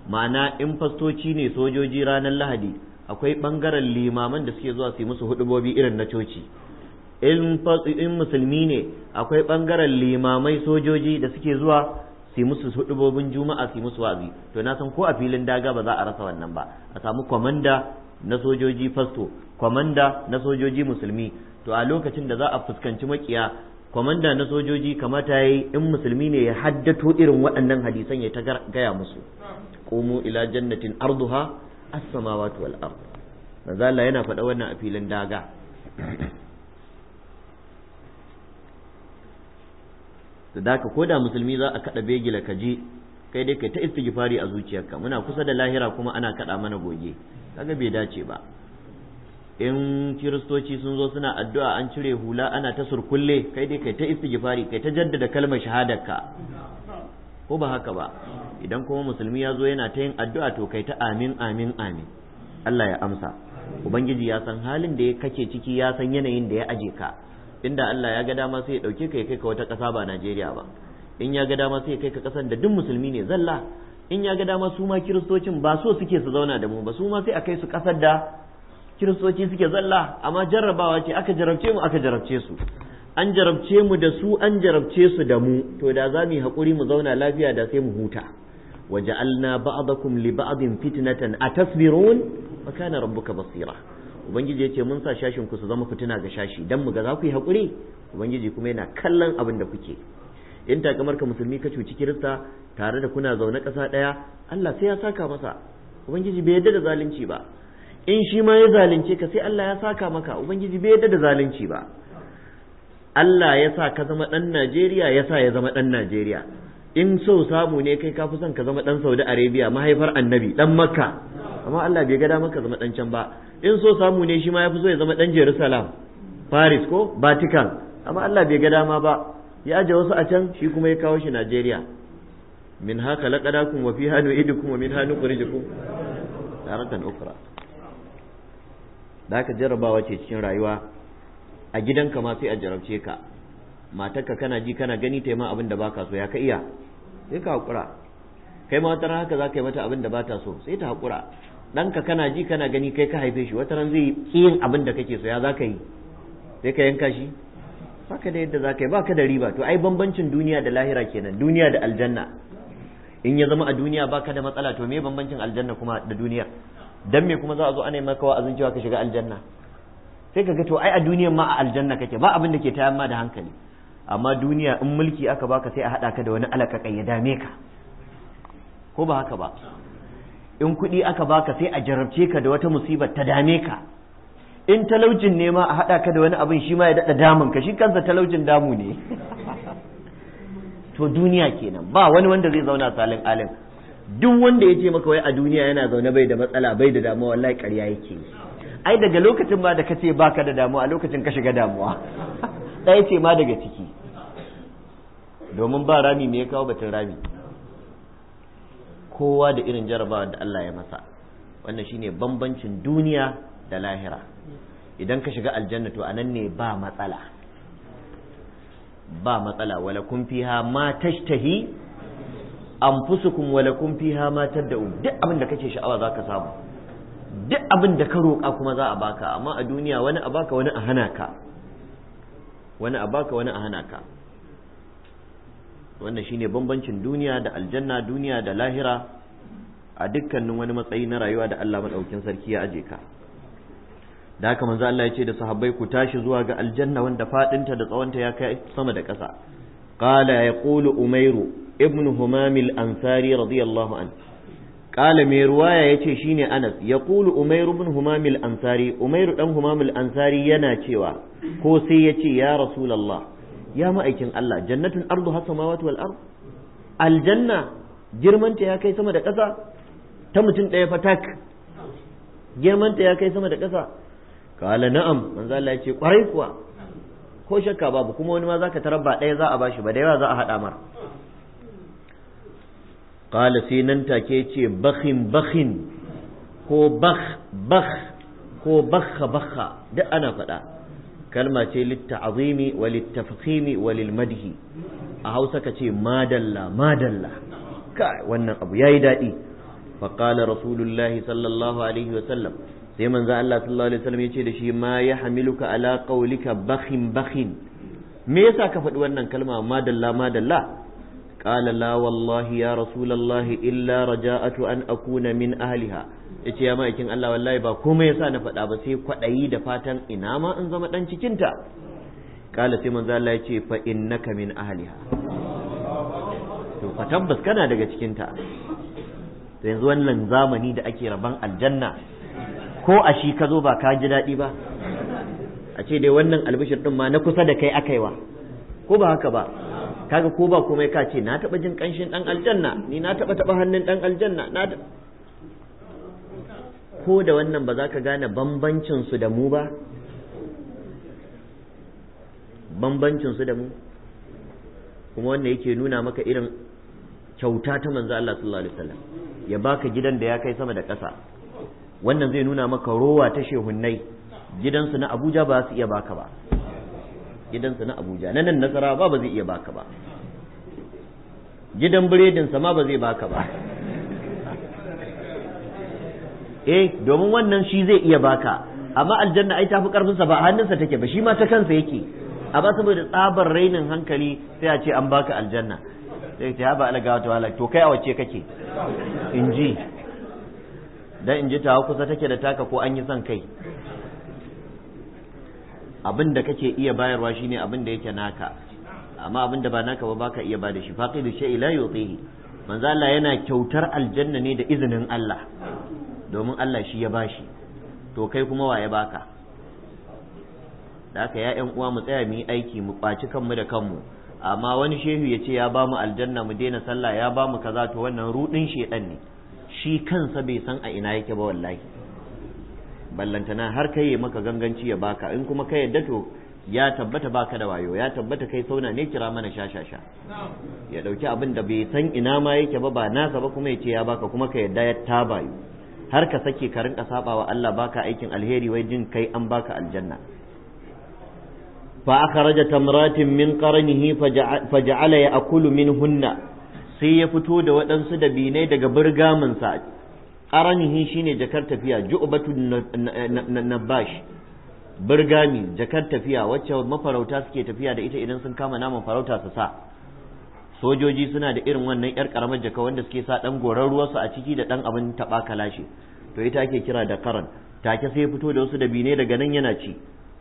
ma'ana in fastoci ne sojoji ranar lahadi akwai bangaren limaman da suke zuwa su yi musu hudubobi irin na coci in musulmi ne akwai ɓangaren limamai sojoji da suke zuwa su yi musu hudubobin juma'a su yi musu wazi to na san ko a filin daga ba za a rasa wannan ba a samu kwamanda na sojoji fasto kwamanda na sojoji musulmi to a lokacin da za a fuskanci makiya kwamanda na sojoji kamata ya yi in musulmi ne ya haddato irin waɗannan hadisan ya ta gaya musu komo ila jannatin arduha as-samawati wal ard manzo Allah yana faɗa wannan a filin daga da ko da musulmi za a kada begila kaji kai dai kai ta istighfari a zuciyarka muna kusa da lahira kuma ana kada mana goge kaga bai dace ba in kiristoci sun zo suna addu'a an cire hula ana ta surkulle kai dai kai ta istighfari kai ta jaddada kalmar shahadarka ko ba haka ba idan kuma musulmi ya zo yana ta yin addu'a to kai ta amin amin amin Allah ya amsa ubangiji ya san halin da ya kake ciki ya san yanayin da ya aje ka inda Allah ya ga dama sai ya dauke ka kai ka wata kasa ba Najeriya ba in ya ga dama sai ya kai ka kasan da duk musulmi ne zalla in ya ga dama su ma kiristocin ba so suke su zauna da mu ba su ma sai a kai su kasar da kiristoci suke zalla amma jarrabawa ce aka jarabce mu aka jarabce su an jarabce mu da su an jarabce su da mu to da za mu yi haƙuri mu zauna lafiya da sai mu huta wa ja'alna ba'dakum li ba'din fitnatan atasbirun wa kana rabbuka basira ubangiji yace mun sa shashin ku su zama fitina ga shashi dan mu ga za ku yi haƙuri ubangiji kuma yana kallon abin da kuke in ta ka musulmi ka cuci kirista tare da kuna zaune ƙasa ɗaya Allah sai ya saka masa ubangiji bai yarda da zalunci ba in shi ma ya zalunce ka sai Allah ya saka maka ubangiji bai yadda da zalunci ba Allah ya sa ka zama dan Najeriya ya sa ya zama dan Najeriya in so samu ne kai ka fi son ka zama dan Saudi Arabia mahaifar annabi dan Makka amma Allah bai gada maka zama dan can ba in so samu ne shi ma ya fi so ya zama dan Jerusalem Paris ko Vatican amma Allah bai gada ma ba ya aje wasu a can shi kuma ya kawo shi Najeriya من hanu خلقناكم wa min ومنها نخرجكم تارة أخرى da aka jarrabawa ce cikin rayuwa a gidanka ma sai a jarabce ka matarka kana ji kana gani ta ma abin da baka so ya ka iya sai ka haƙura kai ma wata haka za ka yi mata abin da bata so sai ta haƙura ɗanka kana ji kana gani kai ka haife shi wata ran zai ki yin abin da kake so ya za ka yi sai ka yanka shi ka da yadda za ka yi ba ka da riba to ai bambancin duniya da lahira kenan duniya da aljanna in ya zama a duniya baka da matsala to me bambancin aljanna kuma da duniya dan me kuma za a zo ana maka wa'azin cewa ka shiga aljanna sai ka ga to ai a duniya ma a aljanna kake ba abin da ke tayar ma da hankali amma duniya in mulki aka baka sai a hada ka da wani alakakai ya dame ka ko ba haka ba in kuɗi aka baka sai a jarabce ka da wata musibar ta dame ka in talaucin ne ma a haɗa ka da wani abin shi ma ya daɗa damun ka shi kansa talaucin damu ne to duniya kenan ba wani wanda zai zauna salin alim duk wanda ya ce maka wai a duniya yana zaune bai da matsala bai da damuwa wallahi ƙarya yake ai daga lokacin ma da kace baka da damuwa a lokacin ka shiga damuwa ɗaya ce ma daga ciki domin ba rami me ya kawo batun rami kowa da irin jarabawar da Allah ya masa wannan shine bambancin duniya da lahira idan ka shiga aljanna to anan ne ba matsala ba matsala wala kun fiha ma tashtahi anfusukum wa lakum fiha ma tad'u duk abin da kake sha'awa zaka samu duk abin da ka roƙa kuma za a baka amma a duniya wani a baka wani a hana ka wani a baka wani a hana ka wannan shine bambancin duniya da aljanna duniya da lahira a dukkanin wani matsayi na rayuwa da Allah madaukin sarki ya aje ka da haka manzo Allah ya ce da sahabbai ku tashi zuwa ga aljanna wanda fadinta da tsawonta ya kai sama da ƙasa qala yaqulu umairu ibn Humamil ansari radiyallahu an ruwa ya ce yace shine anas yaqulu umayr ibn humam al-ansari umayr dan humam ansari yana cewa ko sai yace ya rasulullah ya ma'aikin Allah jannatin ardu hasamawati wal ard aljanna girmanta ya kai sama da ƙasa ta mutum ɗaya fatak girmanta ya kai sama da ƙasa kala na'am manzo Allah kwarai kuwa ko shakka babu kuma wani ma zaka tarar ba ɗaya za a bashi ba da yawa za a haɗa mar qala sai nan take ce bakhin bakhin ko bakha bakha duk ana faɗa kalma ce litta'azimi wa littafkhimi wa a Hausa ka ce madalla madalla kai wannan abu yayi daɗi fa qala sallallahu alaihi wa sallam sai manzo Allah sallallahu alaihi wasallam yace da shi ma ya hamiluka ala qawlika bakhin bakhin me yasa ka faɗi wannan kalma madalla madalla قال لا والله يا رسول الله إلا رجاءة أن أكون من أهلها yace ya ma'aikin Allah wallahi ba komai yasa na faɗa ba sai kwaɗayi da fatan ina ma an zama ɗan cikinta kala sai manzo Allah yace fa innaka min ahliha to fa tabbas kana daga cikinta to yanzu wannan zamani da ake raban aljanna ko a shi ka zo ba ka ji daɗi ba a ce dai wannan albishir ɗin ma na kusa da kai akaiwa ko ba haka ba kaga ko ba komai ka ce na taba jin kanshin dan aljanna ni na taba taba hannun dan aljanna na ko da wannan ba za ka gane bambancin su da mu ba bambancin su da mu kuma wanda yake nuna maka irin kyauta ta manzo Allah sallallahu alaihi wasallam ya baka gidan da ya kai sama da ƙasa wannan zai nuna maka rowa ta shehunnai gidansu na Abuja ba su iya baka ba gidansa na abuja na nan nasara ba ba zai iya baka ba gidan biredinsa ma ba zai baka ba eh domin wannan shi zai iya baka amma aljanna ai tafi karfinsa ba hannunsa take ba shi ma ta kansa yake amma saboda tsabar rainin hankali sai a ce an baka aljanna sai ce ba alaga wata wala to kai a wace kake in ji dan in ji ta kusa take da taka ko an yi son kai abin da kake iya bayarwa shine abin da yake naka amma abin da ba naka ba baka iya bada shi faqidu shay la yutihi manzo Allah yana kyautar aljanna ne da izinin Allah domin Allah shi ya bashi to kai kuma wa ya baka da ya ƴan uwa mu tsaya mu yi aiki mu kwaci kanmu da kanmu amma wani shehu ya ce ya ba mu aljanna mu daina sallah ya ba mu kaza to wannan rudin shedan ne shi kansa bai san a ina yake ba wallahi ballantana har kai yi maka ganganci ya baka in kuma ka yadda to ya tabbata baka da wayo ya tabbata kai sauna ne kira mana sha sha sha ya dauki abin da bai san ina ma yake ba ba nasa ba kuma ya ce ya baka kuma ka yadda ya tabayu har ka sake ka rinka sabawa Allah baka aikin alheri wai jin kai an baka aljanna fa akhraja tamratin min qarnihi faja'ala ya'kulu minhunna sai ya fito da waɗansu dabinai daga sa aranihi shine jakar tafiya jubatu nabash birgami jakar tafiya wacce mafarauta suke tafiya da ita idan sun kama naman farauta su sa sojoji suna da irin wannan yar karamar jaka wanda suke sa dan goran ruwa su a ciki da dan abin taba kalashi to ita ake kira da karan take sai fito da wasu dabine daga nan yana ci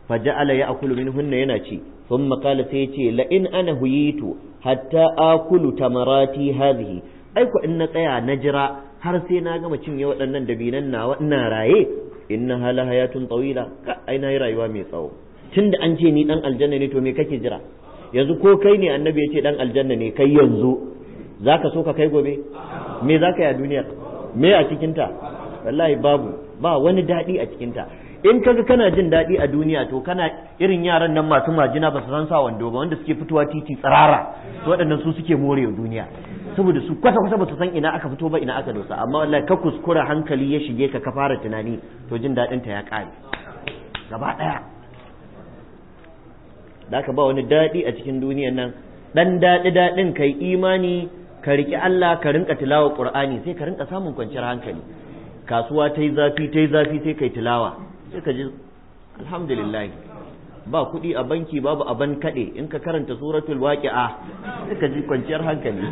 faja'ala ya'kulu minhunna yana ci thumma qala sai yace la in ana huyitu hatta akulu tamarati hadhihi ai in na tsaya na jira har sai na gama cin cinye waɗannan dabinan nawa ina raye inna hala hayatun tawila ka ai na yi rayuwa mai tsawo tunda an ce ni dan aljanna ne to me kake jira yanzu ko kai ne annabi ya ce dan aljanna ne kai yanzu zaka so ka kai gobe me zaka yi a duniya me a cikinta wallahi babu ba wani daɗi a cikinta in kaga kana jin daɗi a duniya to kana irin yaran nan masu majina ba su san sa wando ba wanda suke fitowa titi tsirara to waɗannan su suke morewa duniya saboda su kwata kwata ba su san ina aka fito ba ina aka dosa amma wallahi ka kuskura hankali ya shige ka ka fara tunani to jin daɗin ta ya ƙare gaba ɗaya da ka ba wani daɗi a cikin duniyar nan ɗan daɗi daɗin kai imani ka riƙi Allah ka rinka tilawa Qur'ani sai ka rinka samun kwanciyar hankali kasuwa ta yi zafi ta yi zafi sai kai tilawa sai ka ji alhamdulillah ba kuɗi a banki babu aban kaɗe in ka karanta suratul waƙi'a sai ka ji kwanciyar hankali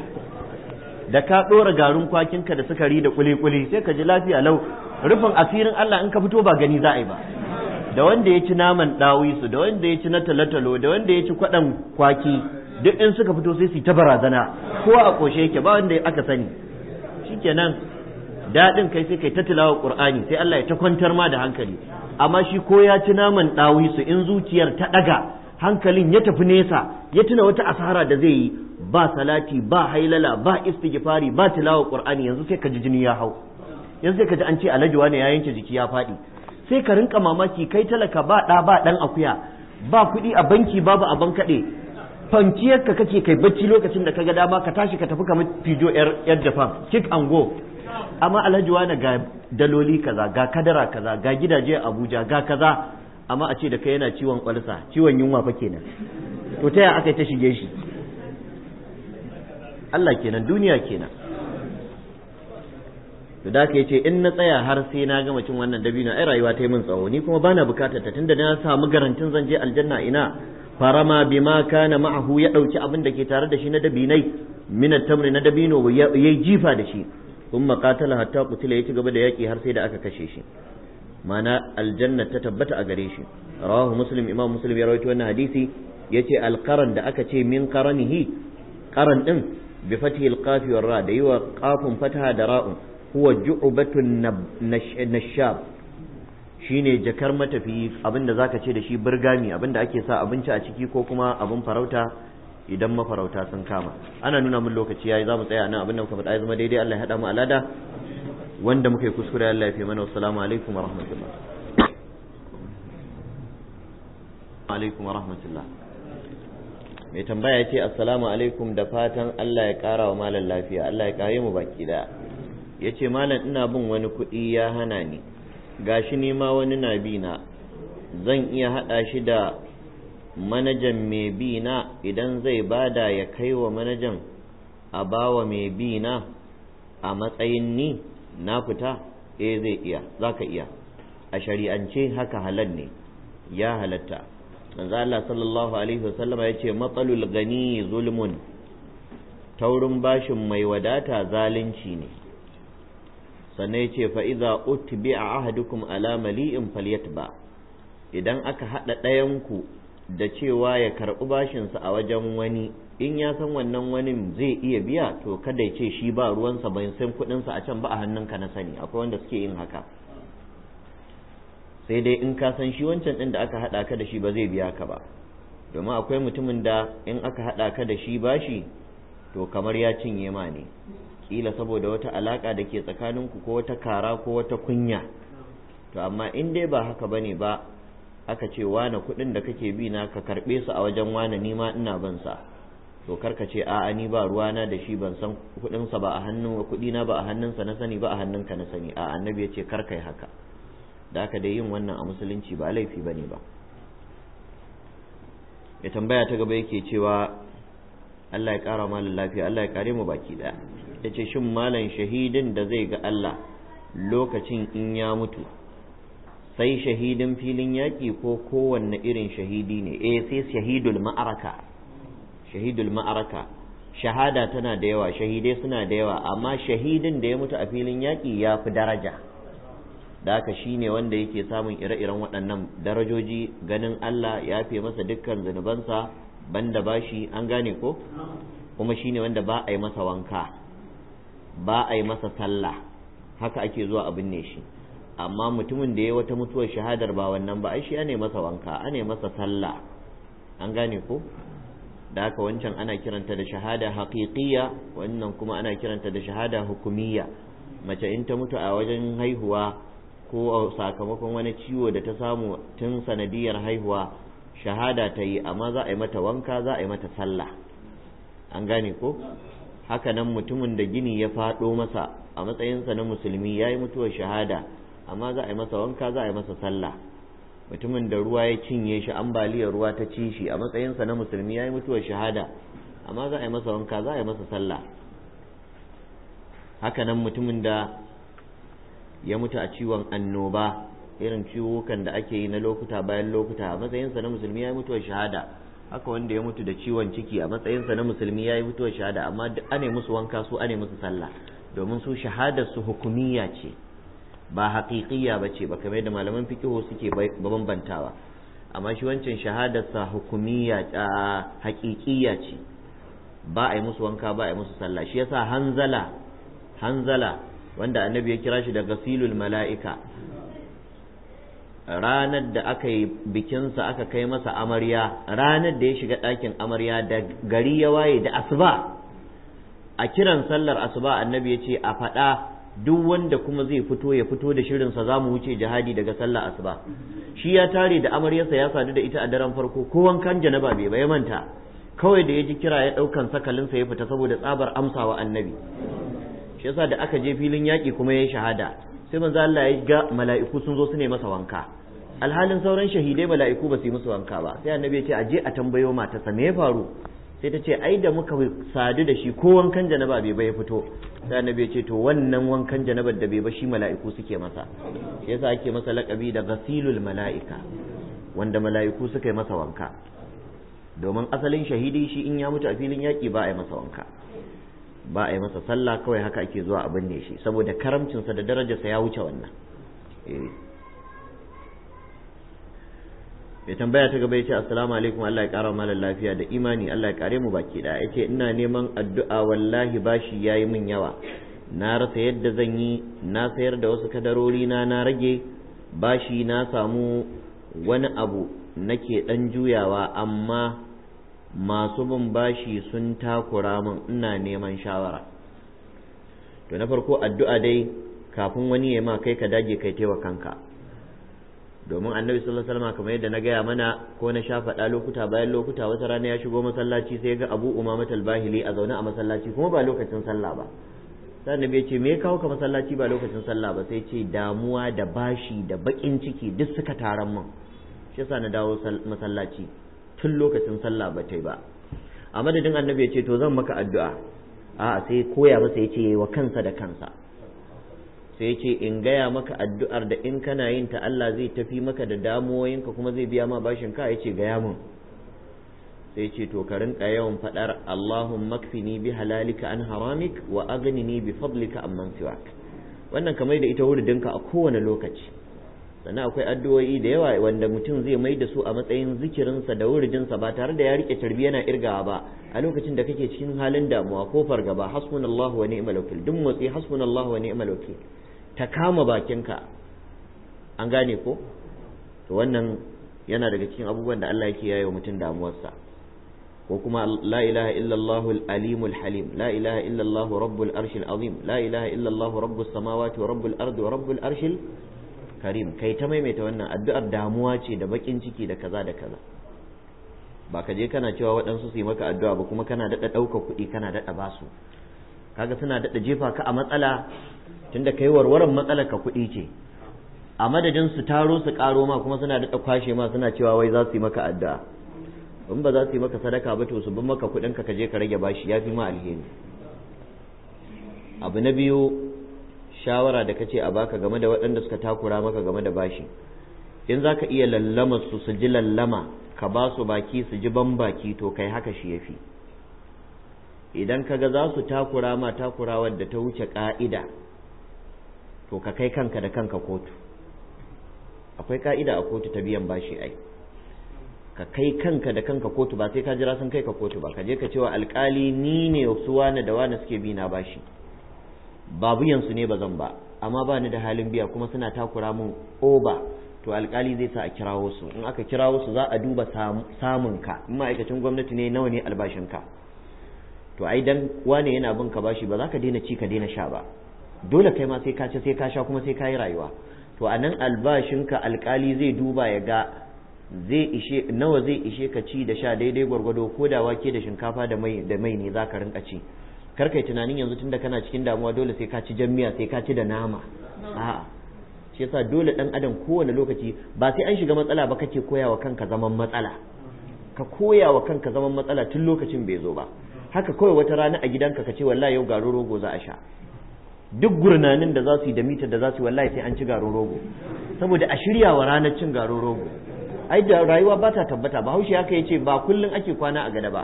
da ka ɗora garin kwakinka da sukari da kuli-kuli sai ka ji lafiya lau rufin asirin Allah in ka fito ba gani za a yi ba da wanda ya ci naman ɗawisu da wanda ya ci na talotalo da wanda ya ci kwaɗan kwaki duk in suka fito sai su ta barazana ko a ƙoshe yake ba wanda aka sani shikenan daɗin kai sai kai ta tilawa ƙur'ani sai Allah ya ta kwantar ma da hankali amma shi ko ya ci naman ɗawisu in zuciyar ta ɗaga hankalin ya tafi nesa ya tuna wata asara da zai yi ba salati ba hailala ba istighfari ba tilawa qur'ani yanzu sai ka ji jini ya hau yanzu sai ka ji an ce alhaji wani ya yanke jiki ya faɗi sai ka rinka mamaki kai talaka ba da ba ɗan akuya ba kuɗi a banki babu a kaɗe. fankiyar ka kake kai bacci lokacin da ka ga dama ka tashi ka tafi kamar fijo yar jafan kick and go amma alhaji wani ga daloli kaza ga kadara kaza ga gidaje abuja ga kaza amma a ce da kai yana ciwon kwalsa ciwon yunwa fa kenan to ta aka ta shige shi Allah kenan duniya kenan to da ka yace in na tsaya har sai na gama cin wannan dabino ai rayuwa ta yi min tsawo ni kuma bana bukatar ta tunda na samu garantin zan je aljanna ina farama bima kana ma'ahu ya dauki abin da ke tare da shi na dabinai min tamri na dabino yayi jifa da shi umma qatala hatta qutila ya ci gaba da yaki har sai da aka kashe shi mana aljanna ta tabbata a gare shi rawahu muslim imam muslim ya rawaito wannan hadisi yace alqaran da aka ce min qaranihi qaran din bi fathi al-qaf wa ra da yiwa qafun fataha da ra'un huwa ju'batun nashab shine jakar abin abinda zaka ce da shi burgami abinda ake sa abinci a ciki ko kuma abin farauta idan mafarauta sun kama ana nuna mun lokaci yayi zamu tsaya nan abinda muka faɗa ya zama daidai Allah ya hada mu alada wanda muka yi kuskure Allah ya fi mana assalamu alaikum wa rahmatullah alaikum wa rahmatullah mai tambaya ya ce assalamu alaikum da fatan Allah ya kara wa malam lafiya Allah ya kare mu baki da yace malam ina bin wani kuɗi ya hana ni gashi ni ma wani na bi na zan iya haɗa shi da manajan mai bi na idan zai bada ya kai wa manajan a bawa mai bi na a matsayin ni na fita eh zai iya za ka iya a shari'ance haka halal ne ya halatta manzo Allah sallallahu alaihi wasallama yace matsalul gani zulmun taurin bashin mai wadata zalunci ne sannan yace fa iza utbi'a ahadukum ala mali'in falyatba idan aka hada ɗayan ku da cewa ya karɓi sa a wajen wani in ya san wannan wani zai iya biya to kada ya ce shi ba ruwansa bai san sa a can ba a hannunka na sani akwai wanda suke yin haka sai dai in ka san shi wancan ɗin da aka haɗa ka da shi ba zai biya ka ba domin akwai mutumin da in aka haɗa ka da shi bashi to kamar ya cinye ma ne kila saboda wata alaka da ke tsakaninku ko wata kara ko wata kunya to amma in dai ba haka bane ba aka ce wane kuɗin da kake bi na ka karɓe su a wajen wane ni ma ina ban sa to karka ce a'a ni ba ruwa ruwana da shi ban san kuɗinsa ba a hannun kuɗi na ba a hannunsa na sani ba a hannunka na sani a annabi ya ce karka yi haka da aka dai yin wannan a musulunci ba laifi ba ne ba ya tambaya ta gaba yake cewa Allah ya ƙara malin lafiya Allah ya kare mu baki ɗaya ya ce shin malam shahidin da zai ga Allah lokacin in ya mutu sai shahidin filin yaƙi ko kowanne irin shahidi ne eh sai shahidul ma'araka shahidul ma'araka shahada tana da yawa shahidai suna da yawa amma shahidin da ya mutu a filin yaƙi ya fi daraja da haka shine wanda yake samun ire-iren waɗannan darajoji ganin Allah ya fi masa dukkan zunubansa banda bashi an gane ko kuma shine wanda ba a yi masa wanka ba a yi masa sallah haka ake zuwa abin ne shi amma mutumin da ya wata mutuwar shahadar ba wannan ba ai shi ane masa wanka ane masa sallah an gane ko da haka wancan ana kiranta da shahada haqiqiyya wannan kuma ana kiranta da shahada hukumiyya mace in ta mutu a wajen haihuwa ko sakamakon wani ciwo da ta samu tun sanadiyar haihuwa shahada ta yi amma za a yi mata wanka za a yi mata sallah an gane ko haka nan mutumin da gini ya faɗo masa a matsayinsa na musulmi ya yi mutuwar shahada amma za a yi masa wanka za a yi masa sallah mutumin da ruwa ya cinye shi ambaliyar ruwa ta ci shi a matsayinsa na musulmi ya yi mutuwar shahada amma za a yi masa wanka za a yi masa sallah haka nan mutumin da ya mutu a ciwon annoba irin ciwukan da ake yi na lokuta bayan lokuta a matsayinsa na musulmi ya yi a shahada haka wanda ya mutu da ciwon ciki a matsayinsa na musulmi ya yi a shahada amma duk ane musu wanka su ane musu sallah domin su shahadar su hukumiyya ce ba haƙiƙiya ba ce ba kamar da malaman fikihu suke bambantawa amma shi wancan shahadarsa hukumiyya a haƙiƙiya ce ba a musu wanka ba a musu sallah shi yasa hanzala hanzala wanda annabi ya kira shi da gasilul mala'ika ranar da aka yi bikinsa aka kai masa amarya ranar da ya shiga ɗakin amarya da gari ya waye da asuba a kiran sallar asuba annabi ya ce a faɗa duk wanda kuma zai fito ya fito da shirinsa za mu wuce jihadi daga sallar asuba shi ya tare da amaryarsa ya sadu da ita a daren farko ko wankan janaba bai bai manta kawai da ya ji kira ya ɗaukan sakalinsa ya fita saboda tsabar amsawa annabi shi yasa da aka je filin yaƙi kuma ya shahada sai manzo Allah ya ga mala'iku sun zo su masa wanka alhalin sauran shahidai mala'iku ba su yi musu wanka ba sai annabi ya ce aje a tambayo matarsa me ya faru sai ta ce ai da muka sadu da shi ko wankan janaba bai bai fito sai annabi ya ce to wannan wankan janabar da bai ba shi mala'iku suke masa shi yasa ake masa laƙabi da ghasilul mala'ika wanda mala'iku suka yi masa wanka domin asalin shahidi shi in ya mutu a filin yaƙi ba a yi masa wanka ba a yi masa sallah kawai haka ake zuwa a binne shi saboda karamcinsa da darajarsa ya wuce wannan ya eh. tambaya ta gaba ya ce assalamu alaikum Allah ya kara malar lafiya da imani Allah ya kare mu baki da ya ce ina neman addu'a wallahi bashi ya yi min yawa na rasa yadda zan yi na sayar da wasu kadarori na na rage bashi na samu wani abu nake dan juyawa amma masu bin bashi sun takura min ina neman shawara to na farko addu'a dai kafin wani ya ma kai ka dage kai taiwa kanka domin annabi sallallahu alaihi wasallam kamar yadda na gaya mana ko na sha fada lokuta bayan lokuta wata rana ya shigo masallaci sai ga Abu Umama al-Bahili a zaune a masallaci kuma ba lokacin sallah ba sai annabi ya ce me kawo ka masallaci ba lokacin sallah ba sai ce damuwa da bashi da bakin ciki duk suka taron mun shi yasa na dawo masallaci tun lokacin sallah ba ta yi ba a madadin annabi ya ce to zan maka addu'a a sai koya masa ya ce wa kansa da kansa sai ya ce in gaya maka addu'ar da in kana yin ta Allah zai tafi maka da damuwoyinka kuma zai biya ma bashin ka ya ce gaya mun sai ce to ka rinka yawan faɗar Allahumma kfini bi halalika an haramik wa aghnini bi fadlika amman siwak wannan kamar da ita wurdinka a kowane lokaci sannan akwai addu'o'i da yawa wanda mutum zai mai da su a matsayin zikirinsa da wuridinsa ba tare da ya rike tarbi yana irgawa ba a lokacin da kake cikin halin damuwa ko fargaba hasbunallahu wa ni'mal wakil duk motsi hasbunallahu wa ni'mal wakil ta kama bakinka an gane ko to wannan yana daga cikin abubuwan da Allah yake yayo mutum damuwarsa ko kuma la ilaha illallah al-alimul halim la ilaha illallah rabbul arshil azim la ilaha illallah rabbus samawati wa rabbul ardi wa rabbul arshil karim kai ta maimaita wannan addu'ar damuwa ce da bakin ciki da kaza da kaza ba ka je kana cewa waɗansu su yi maka addu'a ba kuma kana daɗa ɗauka kuɗi kana daɗa basu kaga suna daɗa jefa ka a matsala tunda kai warwaran matsalar ka kuɗi ce a madadin su taro su karo ma kuma suna daɗa kwashe ma suna cewa wai za su yi maka addu'a in ba za su yi maka sadaka ba to su bin maka kuɗin ka je ka rage bashi ya fi ma alheri abu na biyu shawara da kace a baka game da waɗanda suka takura maka game da bashi in za ka iya lallama su su ji lallama ka ba su baki su ji ban baki to kai haka shi yafi idan kaga za su takura ma takurawar da ta wuce ka'ida to ka kai kanka da kanka kotu akwai ka'ida a kotu ta biyan bashi ai ka kai kanka da kanka kotu ba sai ka jira sun kai ka kotu ba ka je ka cewa alkali ni ne su wane da wane suke bi na bashi babuyansu ne ba zan ba amma ba ni da halin biya kuma suna takura mun oba to alkali zai sa a kirawo su in aka kirawo su za a duba samun ka in ma'aikacin gwamnati ne nawa ne albashin ka to ai dan wane yana bin ka bashi ba za ka daina ci ka daina sha ba dole kai ma sai ka ci sai ka sha kuma sai ka yi rayuwa to a nan albashin ka alkali zai duba ya ga zai ishe nawa zai ishe ka ci da sha daidai gwargwado ko da wake da shinkafa da mai da mai ne za ka rinka ci kar yi tunanin yanzu tunda kana cikin damuwa dole sai ka ci jammiya sai ka ci da nama a'a shi yasa dole dan adam kowane lokaci ba sai an shiga matsala ba kake koya wa kanka zaman matsala ka koya wa kanka zaman matsala tun lokacin bai zo ba haka kawai wata rana a gidanka ka ce wallahi yau garin rogo za a sha duk gurnanin da za su yi da mitar da za su yi wallahi sai an ci garin rogo saboda a shirya wa ranar cin garin rogo ai da rayuwa ba ta tabbata ba haushi haka ya ce ba kullum ake kwana a gada ba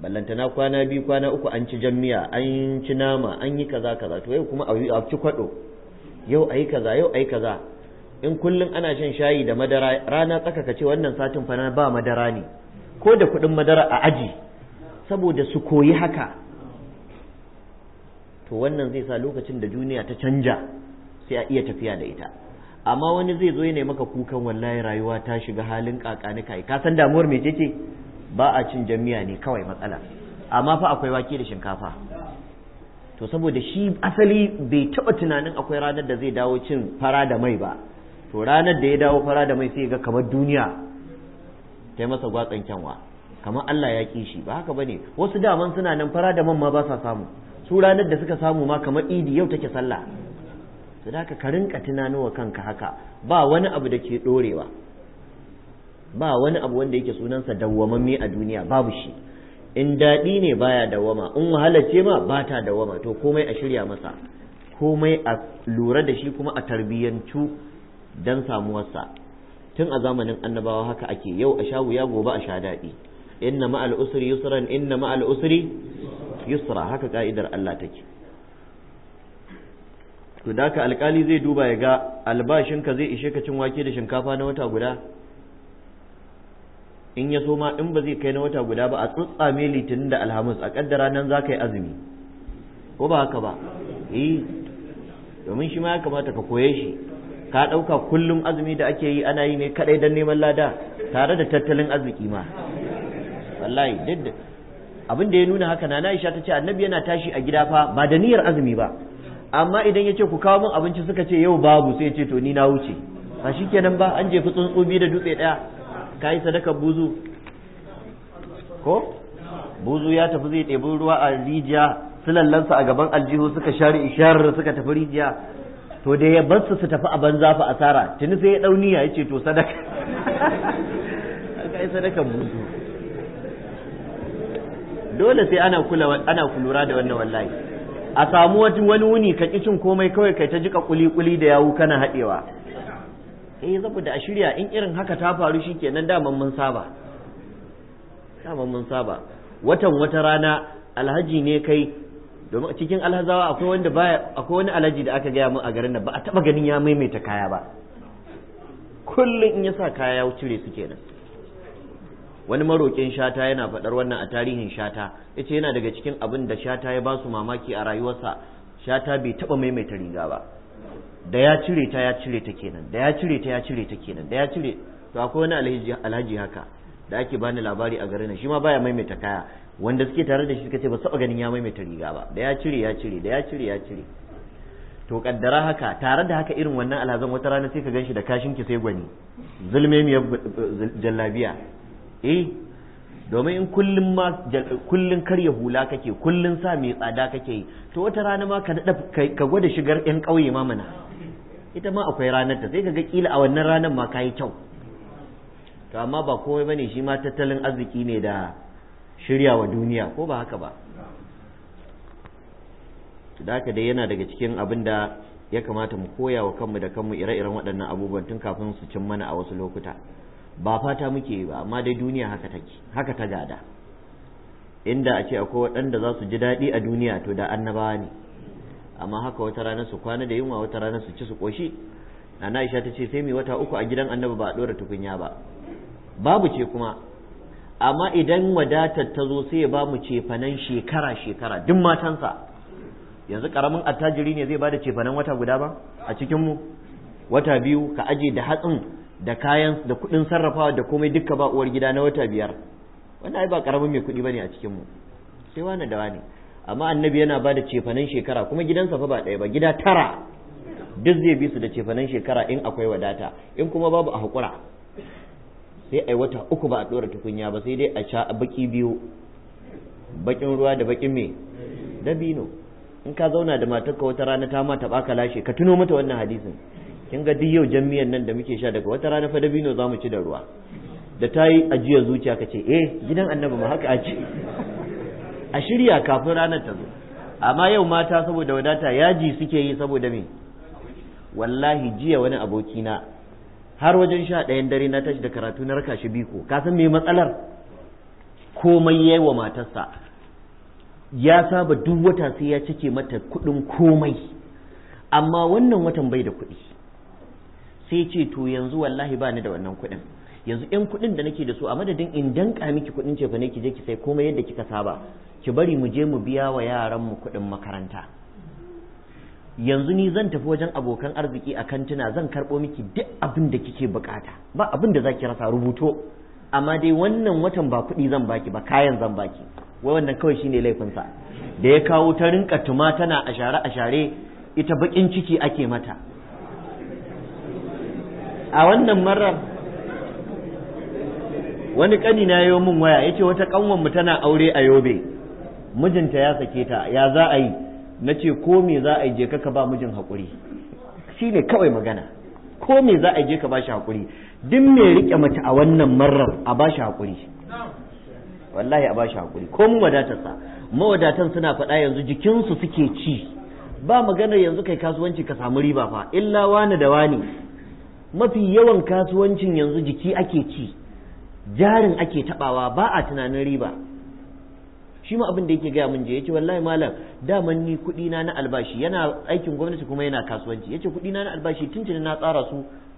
ballantana kwana biyu kwana uku an ci jammiya an ci nama an yi kaza kaza to yau kuma a ci kwado yau ayi kaza yau ayi kaza in kullum ana shan shayi da madara rana tsaka ka ce wannan satin fa ba madara ne ko da kuɗin madara a aji saboda su koyi haka to wannan zai sa lokacin da duniya ta canja sai a iya tafiya da ita amma wani zai zo ya maka kukan wallahi rayuwa ta shiga halin kakani kai ka san damuwar me ce ba a cin jami'a ne kawai matsala amma fa akwai wake da shinkafa to saboda shi asali bai taba tunanin akwai ranar da zai dawo cin fara da mai ba to ranar da ya dawo fara da mai sai ga kamar duniya ta yi masa gwatsan kyanwa kamar Allah ya ki shi ba haka bane wasu daman suna nan fara da man ma ba sa samu su ranar da suka samu ma kamar idi yau take sallah to da ka rinka wa kanka haka ba wani abu da ke dorewa ba wani abu wanda yake sunansa dawwamamme a duniya babu shi in daɗi ne baya dawwama in wahala ce ma ba ta dawwama to komai a shirya masa komai a lura da shi kuma a tarbiyyantu don samuwarsa tun a zamanin annabawa haka ake yau a sha wuya gobe a sha daɗi inna ma'al usri yusran inna ma'al usri yusra haka ka'idar Allah take to da ka alkali zai duba ya ga albashinka zai ishe ka cin wake da shinkafa na wata guda in ya so ma in ba zai kai na wata guda ba a tsutsame litinin da alhamis a kaddara nan za ka yi azumi ko ba haka ba yi eh, domin shi ma ya kamata ka koye shi ka ɗauka kullum azumi da ake yi ana yi ne kaɗai don neman lada tare da tattalin arziki ma wallahi duk abin da ya nuna haka na Aisha ta ce annabi yana tashi a gida fa ba da niyyar azumi ba amma idan ya ce ku kawo min abinci suka ce yau babu sai ya ce to ni na wuce ba shi shikenan ba an jefi tsuntsu biyu da dutse ɗaya ka yi sadaka buzu ko buzu ya tafi zai ɗebi ruwa a rijiya sulallansa a gaban aljihu suka share isharar suka tafi rijiya to da ya bar su su tafi a banza fa asara tuni sai ya dau ya ce to sadaka kai sadaka buzu dole sai ana kula ana kulura da wannan wallahi a samu wani wuni ka ki cin komai kawai kai ta jika kuli kuli da yawu kana hadewa eh saboda a shirya in irin haka ta faru shikenan daman mun saba daman mun saba watan wata rana alhaji ne kai domin cikin alhazawa akwai wanda baya akwai wani alhaji da aka gaya mun a garin nan ba a taba ganin ya maimaita kaya ba kullum in yasa sa kaya ya cire su kenan wani marokin shata yana faɗar wannan a tarihin shata yace yana daga cikin abin da shata ya ba su mamaki a rayuwarsa shata bai taba maimaita riga ba da ya cire ta ya cire ta kenan da ya cire ta ya cire ta kenan da ya cire to akwai wani alhaji haka da ake bani labari a garin shi ma baya maimaita kaya wanda suke tare da shi suka ce ba su ganin ya maimaita riga ba da ya cire ya cire da ya cire ya cire to kaddara haka tare da haka irin wannan alhazan wata rana sai ka ganshi da kashin ki sai gwani zulme miyar eh, jallabiya eh domin in kullum ma kullum karya hula kake kullum sa mai tsada kake to wata rana ma ka ka gwada shigar yan ƙauye ma mana ita ma akwai ranar ta sai ka ga kila a wannan ranar ma kayi kyau to amma ba komai bane shi ma tattalin arziki ne da shirya wa duniya ko ba haka ba da haka dai yana daga cikin abin da ya kamata mu koya wa kanmu da kanmu ire-iren waɗannan abubuwan tun kafin su cin mana a wasu lokuta ba fata muke yi ba amma dai duniya haka take haka ta gada inda a ce akwai waɗanda za su ji daɗi a duniya to da annabawa ne amma haka wata rana su kwana da yunwa wata rana su ci su koshi na Aisha ta ce sai mai wata uku a gidan Annabi ba a dora tukunya ba babu ce kuma amma idan wadatar ta zo sai ya ba mu cefanen shekara shekara duk matansa yanzu karamin attajiri ne zai bada cefanen wata guda ba a cikin mu wata biyu ka aje da hatsin da kayan da kuɗin sarrafawa da komai duka ba uwar gida na wata biyar wannan ai ba karamin mai kuɗi bane a cikin mu sai wani da wani amma annabi yana ba da cefanen shekara kuma gidansa fa ba ɗaya ba gida tara duk zai bi su da cefanen shekara in akwai wadata in kuma babu a haƙura sai a wata uku ba a ɗora tukunya ba sai dai a sha baki biyu bakin ruwa da bakin me dabino in ka zauna da matarka wata rana ta ma ta baka lashe ka tuno mata wannan hadisin kin ga duk yau jami'an nan da muke sha daga wata rana fa dabino za mu ci da ruwa da ta yi ajiyar zuciya ka ce eh gidan annabi ma haka a ce." a shirya kafin ranar ta zo amma yau mata saboda wadata yaji suke yi saboda me wallahi jiya wani aboki na, har wajen sha ɗayan dare na tashi da karatu na raka shi biko ka san me matsalar komai yayi wa matarsa ya saba duk wata sai ya cike mata kuɗin komai amma wannan watan bai da kuɗi sai ce to yanzu wallahi ba ni da wannan kuɗin yanzu 'yan kuɗin da nake da su a madadin in danka miki kuɗin cefa ne ki je ki sai komai yadda kika saba ki bari mu je mu biya wa yaranmu kuɗin makaranta yanzu ni zan tafi wajen abokan arziki a kantina zan karɓo miki duk abin da kike bukata ba abin da zaki rasa rubuto amma dai wannan watan ba kuɗi zan baki ba kayan zan baki wai wannan kawai shine laifinsa da ya kawo ta rinka tuma tana a share a share ita bakin ciki ake mata a wannan marar wani kani na yi min waya yace wata kanwan mu tana aure a yobe mijinta ya sake ta ya za a yi na ce ko me za a yi je ka ba mijin haƙuri shi ne kawai magana ko me za a je ka ba shi haƙuri duk me riƙe mace a wannan marar a ba shi haƙuri wallahi a ba shi haƙuri ko mu wadatarsa mawadatan suna faɗa yanzu jikinsu suke ci ba maganar yanzu kai kasuwanci ka samu riba fa illa wani da wani mafi yawan kasuwancin yanzu jiki ake ci jarin ake taɓawa ba a tunanin riba shi ma abin da yake gaya mun je yace wallahi malam daman ni kuɗi na na albashi yana aikin gwamnati kuma yana kasuwanci yace kuɗi na na albashi tun tuntuni na tsara su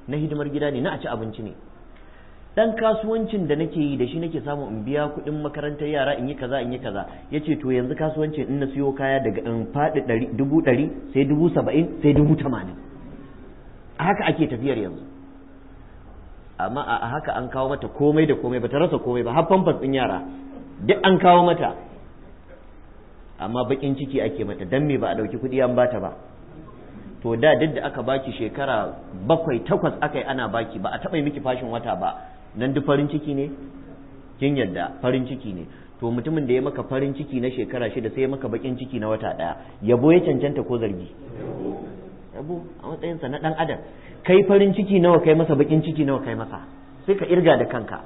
na hidimar gida ne na a ci abinci ne dan kasuwancin da nake yi da shi nake samu in biya kuɗin makarantar yara in yi kaza in yi kaza yace to yanzu kasuwancin in na siyo kaya daga in faɗi dubu ɗari sai dubu saba'in sai dubu tamanin haka ake tafiyar yanzu amma a haka an kawo mata komai da komai ba ta rasa komai ba har famfas ɗin yara duk an kawo mata amma bakin ciki ake mata dan me ba a dauki kuɗi an bata ba to da duk da aka baki shekara bakwai takwas aka yi ana baki ba a taɓa miki fashin wata ba nan duk farin ciki ne kin yadda farin ciki ne to mutumin da ya maka farin ciki na shekara shida sai ya maka bakin ciki na wata ɗaya yabo ya cancanta ko zargi yabo a matsayinsa na ɗan adam kai farin ciki nawa kai masa bakin ciki nawa kai masa sai ka irga da kanka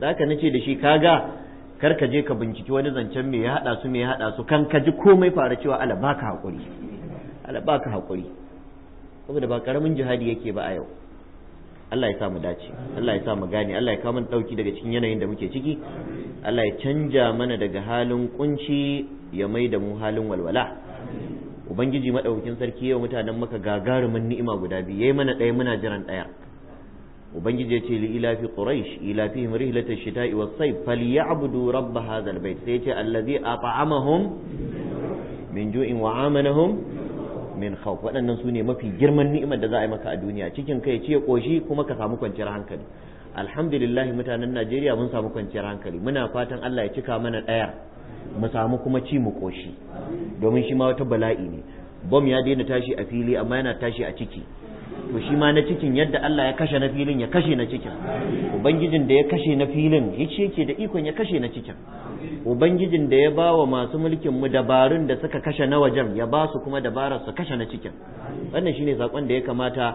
zaka nace da shi kaga kar ka je ka binciki wani zancen me ya hada su me ya hada su kan ka ji komai fara cewa ala baka hakuri ala baka hakuri saboda ba karamin jihadi yake ba a yau Allah ya sa mu dace Allah ya sa mu gane Allah ya kawo mana dauki daga cikin yanayin da muke ciki Allah ya canja mana daga halin kunci ya maida mu halin walwala ubangiji madaukakin sarki yau mutanen maka gagarumin ni'ima guda biyu yayi mana ɗaya muna jiran ɗaya ubangiji ya ce li ilafi quraish ilafihim rihlata shita'i was sayf falyabudu rabb hadha albayt sai ce allazi at'amahum min ju'in wa amanahum min khawf waɗannan su ne mafi girman ni'imar da za a yi maka a duniya cikin kai ce koshi kuma ka samu kwanciyar hankali alhamdulillah mutanen Najeriya mun samu kwanciyar hankali muna fatan Allah ya cika mana ɗaya mu samu kuma ci mu koshi domin shi ma wata bala'i ne bom ya daina tashi a fili amma yana tashi a ciki to shi ma na cikin yadda Allah ya kashe na filin ya kashe na cikin ubangijin da ya kashe na filin yace yake da ikon ya kashe na cikin ubangijin da ya ba wa masu mulkin mu dabarun da suka kashe na wajen ya ba su kuma dabarar su kashe na cikin wannan shine sakon da ya kamata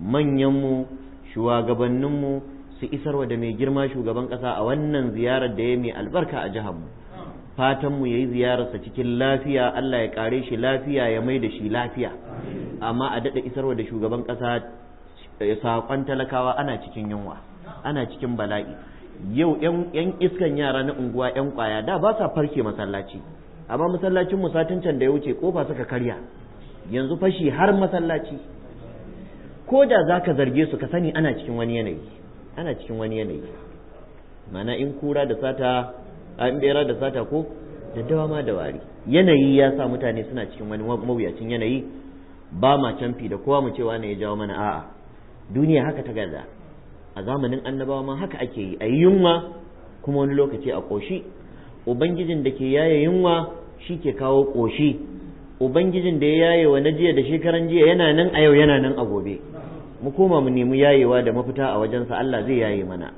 manyan mu shugabannin mu su isarwa da mai girma shugaban kasa a wannan ziyarar da ya mai albarka a jihar mu fatanmu yayi yayi ziyararsa cikin lafiya Allah ya kare shi lafiya ya mai da shi lafiya amma a daɗa isarwa da shugaban ƙasa saƙon talakawa ana cikin yunwa ana cikin bala'i yau yan iskan yara na unguwa yan kwaya da ba sa farke masallaci amma masallacin mu satin can da ya wuce kofa suka karya yanzu fashi har masallaci ko da za ka zarge su ka sani ana cikin wani yanayi ana cikin wani yanayi mana in kura da sata an in bera da sata ko da ma da wari yanayi ya sa mutane suna cikin wani mawuyacin yanayi ba ma canfi da kowa mu cewa ne ya jawo mana a'a duniya haka ta gaza a zamanin annabawa ma haka ake yi a yunwa kuma wani lokaci a ƙoshi ubangijin da ke yaye yunwa shi ke kawo ƙoshi ubangijin da ya yaye wa na jiya da shekaran jiya yana nan a yau yana nan a gobe mu koma mu nemi yayewa da mafita a wajensa Allah zai yaye mana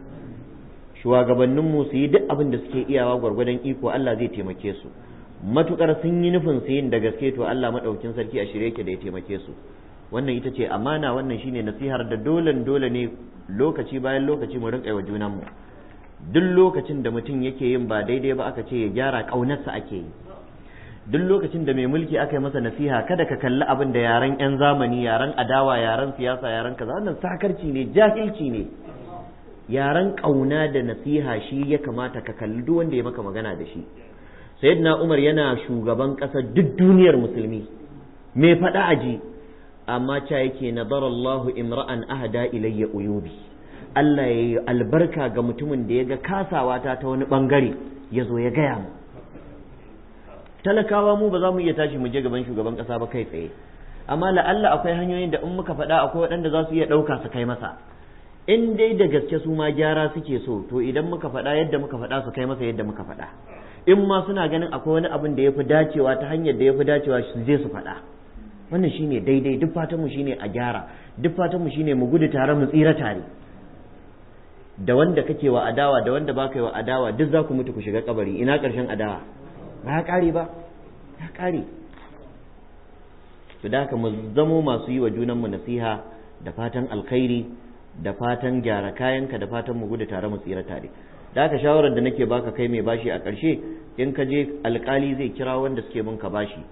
shugabanninmu su yi duk abin da suke iyawa gwargwadon iko Allah zai taimake su matukar sun yi nufin su yin da gaske to Allah madaukin sarki a shirye yake da ya taimake su wannan ita ce amana wannan shine nasihar da dolen dole ne lokaci bayan lokaci mu rinka wa junanmu duk lokacin da mutum yake yin ba daidai ba aka ce ya gyara kaunarsa ake yi duk lokacin da mai mulki aka yi masa nasiha kada ka kalli abin da yaren yan zamani yaren adawa yaren siyasa yaren kaza wannan sakarci ne jahilci ne yaran ƙauna da nasiha shi ya kamata ka kalli duk wanda ya maka magana da shi sayyidina umar yana shugaban ƙasar duk duniyar musulmi me faɗa aji amma cha yake nazarallahu imra'an ahada ilayya uyubi Allah ya yi albarka ga mutumin da ya ga kasawa ta ta wani bangare ya zo ya gaya mu talakawa mu ba za mu iya tashi mu je gaban shugaban ƙasa ba kai tsaye amma la'alla akwai hanyoyin da in muka faɗa akwai waɗanda za su iya ɗauka su kai masa in dai da gaske su ma gyara suke so to idan muka faɗa yadda muka faɗa su kai masa yadda muka faɗa in ma suna ganin akwai wani abin da ya fi dacewa ta hanyar da ya fi dacewa su je su faɗa wannan shine daidai duk fatanmu shine a gyara duk fatanmu shine mu gudu tare mu tsira tare da wanda kake wa adawa da wanda baka wa adawa duk za ku mutu ku shiga kabari ina ƙarshen adawa ba ya ƙare ba ya ƙare to da haka mu zamo masu yi wa junanmu nasiha da fatan alkhairi da fatan gyara kayanka da fatan mu gudu tare mu tsira tare da haka shawarar da nake baka kai mai bashi a ƙarshe in ka je alƙali zai kira wanda suke mun ka bashi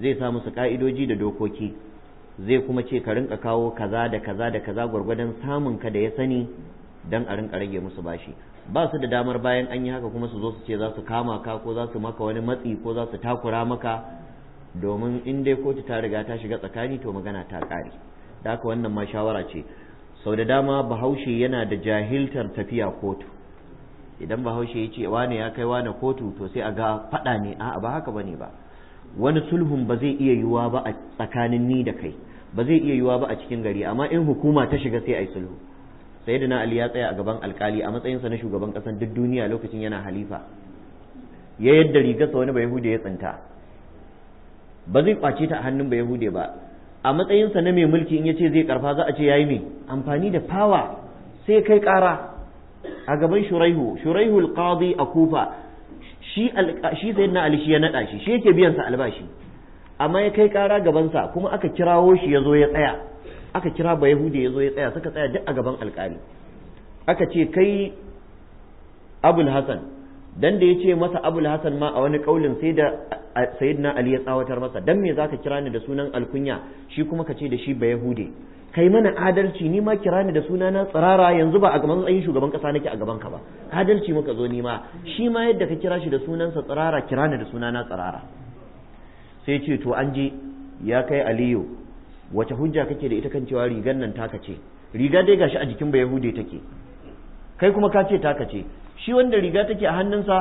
zai sa musu ka'idoji da dokoki zai kuma ce ka rinka kawo kaza da kaza da kaza gwargwadon samun ka da ya sani dan a rinka rage musu bashi ba su da damar bayan an yi haka kuma su zo su ce za su kama ka ko za su maka wani matsi ko za su takura maka domin in dai kotu ta riga ta shiga tsakani to magana ta ƙare da haka wannan ma shawara ce sau da dama bahaushe yana da jahiltar tafiya kotu idan bahaushe ya ce wane ya kai wane kotu to sai a ga faɗa ne a ba haka ba ne ba wani sulhun ba zai iya yiwuwa ba a tsakanin ni da kai ba zai iya yiwuwa ba a cikin gari amma in hukuma ta shiga sai a yi sulhu na ali ya tsaya a gaban alkali a matsayinsa na shugaban kasan duk duniya lokacin yana halifa ya yadda rigarsa wani bayahude ya tsinta ba zai kwace ta a hannun bayahude ba a matsayinsa na mai mulki in ya ce zai karfa za a ce yayi me amfani da fawa sai kai kara a gaban shuraihu shuraihu alqadi a kufa shi shi sayyidina ali shi ya nada shi shi yake biyan sa albashi amma ya kai kara gaban sa kuma aka kirawo shi yazo ya tsaya aka kira ba yahudi yazo ya tsaya suka tsaya duk a gaban alkali aka ce kai abul hasan dan da ya ce masa abul hasan ma a wani kaulin sai da sayyidina ali ya tsawatar masa dan me zaka kira ni da sunan alkunya shi kuma ka ce da shi ba kai mana adalci ni ma kira ni da suna na tsirara yanzu ba a gaban tsayin shugaban kasa nake a gaban ka ba adalci muka zo ni ma shi ma yadda ka kira shi da sunansa tsirara kira ni da suna na tsirara sai ce to an je ya kai aliyu wace hujja kake da ita kan cewa rigan nan taka ce riga dai gashi a jikin ba yahude take kai kuma ka ce taka ce shi wanda riga take a hannunsa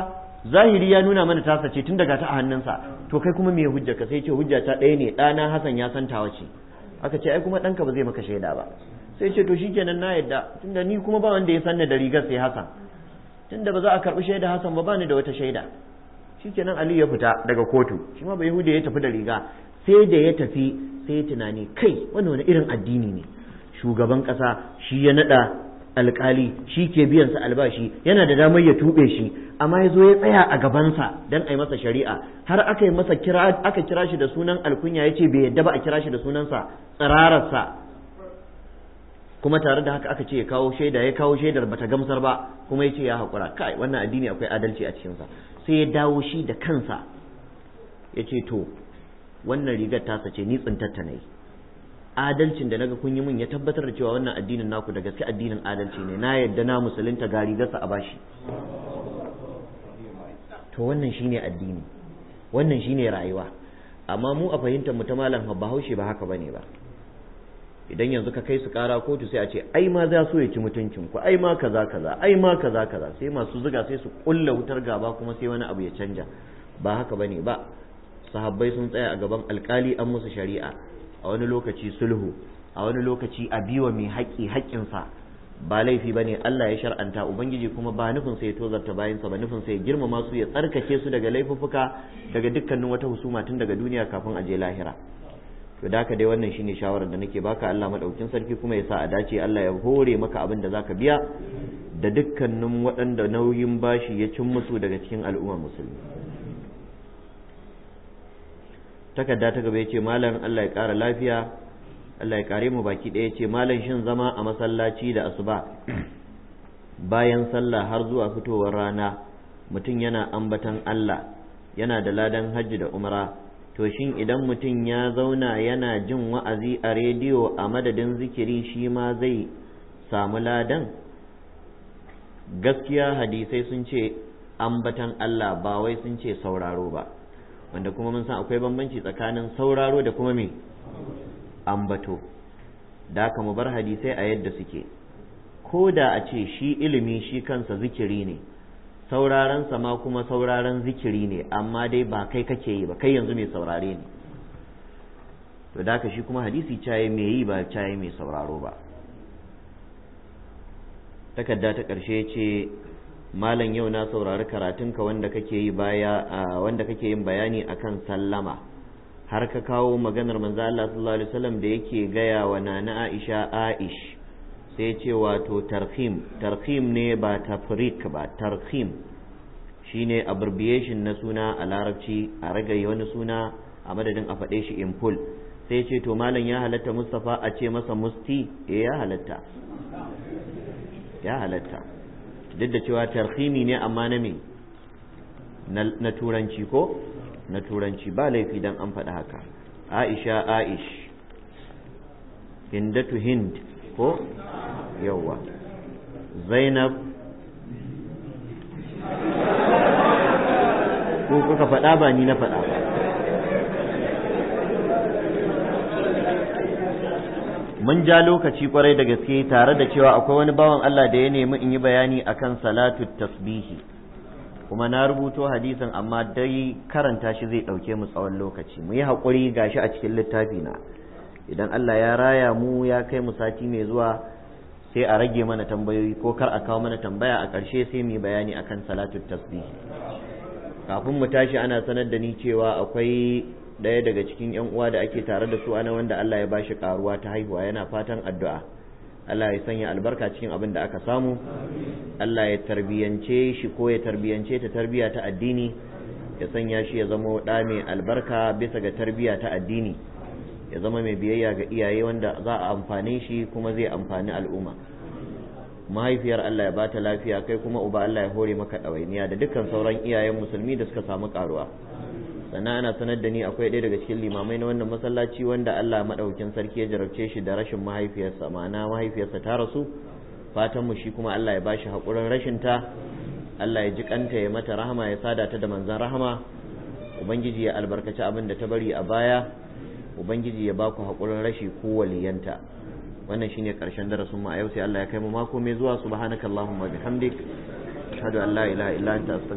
zahiri ya nuna mana tasa ce tun daga ta a hannunsa to kai kuma me hujja ka sai ce hujja ta ɗaya ne ɗana Hassan ya san tawa ce aka ce ai kuma ɗanka ba zai maka shaida ba sai ce to shikenan na yadda tunda ni kuma ba wanda ya sanna da rigar sai Hassan tunda ba za a karɓi shaida Hassan ba bani da wata shaida shikenan Ali ya fita daga kotu shi ma Yahuda ya tafi da riga sai da ya tafi sai tunani kai wannan wani irin addini ne shugaban ƙasa shi ya naɗa. Alƙali shi ke biyan sa albashi yana da damar ya tube shi amma ya zo ya tsaya a gabansa dan a yi masa shari'a har aka yi masa kira aka kira shi da sunan alkunya yace bai yadda ba a kira shi da sunansa tsirararsa kuma tare da haka aka ce ya kawo shaida ya kawo shaidar bata gamsar ba kuma ya ce ya haƙura kai wannan addini akwai adalci a cikinsa sai ya dawo shi da kansa ya ce to wannan rigar ta sace ni tsintar na yi adalcin da naga kun yi mun ya tabbatar da cewa wannan addinin naku da gaske addinin adalci ne na yadda na musulunta gari rigarsa a bashi to wannan shine addini wannan shine rayuwa amma mu a fahimtar mu ta malam bahaushe ba haka bane ba idan yanzu ka kai su kara kotu sai a ce ai ma za so ya ci mutuncin ku ai ma kaza kaza ai ma kaza kaza sai masu zuga sai su kulla wutar gaba kuma sai wani abu ya canja ba haka bane ba sahabbai sun tsaya a gaban alkali an musu shari'a a wani lokaci sulhu a wani lokaci a biwa mai haƙƙi haƙƙinsa ba laifi ba ne Allah ya shar'anta ubangiji kuma ba nufin sai ya tozarta bayansa ba nufin ya girmama su ya tsarkake su daga laifuffuka daga dukkanin wata husuma tun daga duniya kafin a je lahira to da haka dai wannan shine shawarar da nake baka Allah madaukin sarki kuma ya sa a dace Allah ya hore maka abin da zaka biya da dukkanin waɗanda nauyin bashi ya cin musu daga cikin al'ummar musulmi takarda ta gaba ya ce malam Allah ya ƙara lafiya Allah ya kare mu baki ɗaya ce malam shin zama a masallaci da asuba bayan sallah har zuwa fitowar rana mutum yana ambatan Allah yana da ladan hajji da umra to shin idan mutum ya zauna yana jin wa'azi a rediyo a madadin zikiri shi ma zai samu ladan gaskiya hadisai sun ce ambatan Allah ba wai sun ce sauraro ba wanda kuma mun san akwai bambanci tsakanin sauraro da kuma me ambato da ka mu bar hadisai a yadda suke ko da a ce shi ilimi shi kansa zikiri ne saurarensa ma kuma sauraren zikiri ne amma dai ba kai kake yi ba kai yanzu mai saurare ne to da ka shi kuma hadisi caye mai yi ba caye mai sauraro ba takarda ta ƙarshe ce malam yau na saurari karatunka wanda kake yi baya wanda kake yin bayani akan sallama har ka kawo maganar manzo Allah sallallahu alaihi wasallam da yake gaya wa nana Aisha Aish sai ce wato tarhim tarhim ne ba tafrik ba tarhim shine abbreviation na suna a larabci a ragaye wani suna a madadin a faɗe shi in full sai ce to malam ya halatta Mustafa a ce masa musti eh ya halatta ya halatta duk da cewa tarhimi ne amma na me na turanci ko na turanci ba laifi dan an faɗi haka aisha aish hindatu hind ko yawwa zainab ko kuka faɗa ba ni na faɗa mun ja lokaci kwarai da gaske tare da cewa akwai wani bawan Allah da ya nemi in yi bayani akan salatu tasbihi kuma na rubuto hadisin amma dai karanta shi zai ɗauke mu tsawon lokaci mu yi haƙuri shi a cikin littafi na idan Allah ya raya mu ya kai mu sati mai zuwa sai a rage mana tambayoyi ko kar a kawo mana tambaya a ƙarshe sai mu yi bayani akan salatu tasbihi kafin mu tashi ana sanar da ni cewa akwai Daya daga cikin yan uwa da ake tare da su ana wanda Allah ya bashi karuwa ta haihuwa yana fatan addu'a Allah ya sanya albarka cikin abin da aka samu Allah ya tarbiyance shi ko ya tarbiyance ta tarbiya ta addini ya sanya shi ya zama ɗa mai albarka bisa ga tarbiya ta addini ya zama mai biyayya ga iyaye wanda za a amfane shi kuma zai amfani al'umma mahaifiyar Allah ya bata lafiya kai kuma uba Allah ya hore maka ɗawainiya da dukkan sauran iyayen musulmi da suka samu karuwa sannan ana sanar da ni akwai ɗaya daga cikin limamai na wannan masallaci wanda Allah maɗaukin sarki ya jarabce shi da rashin mahaifiyarsa ma'ana mahaifiyarsa ta rasu fatan mu shi kuma Allah ya bashi hakurin rashin ta Allah ya ji kanta ya mata rahama ya sada ta da manzan rahama ubangiji ya albarkaci abin da ta bari a baya ubangiji ya baku hakurin rashi ko waliyanta wannan shine karshen darasin mu a yau sai Allah ya kai mu mako mai zuwa subhanakallahumma bihamdik ashhadu an la ilaha illa anta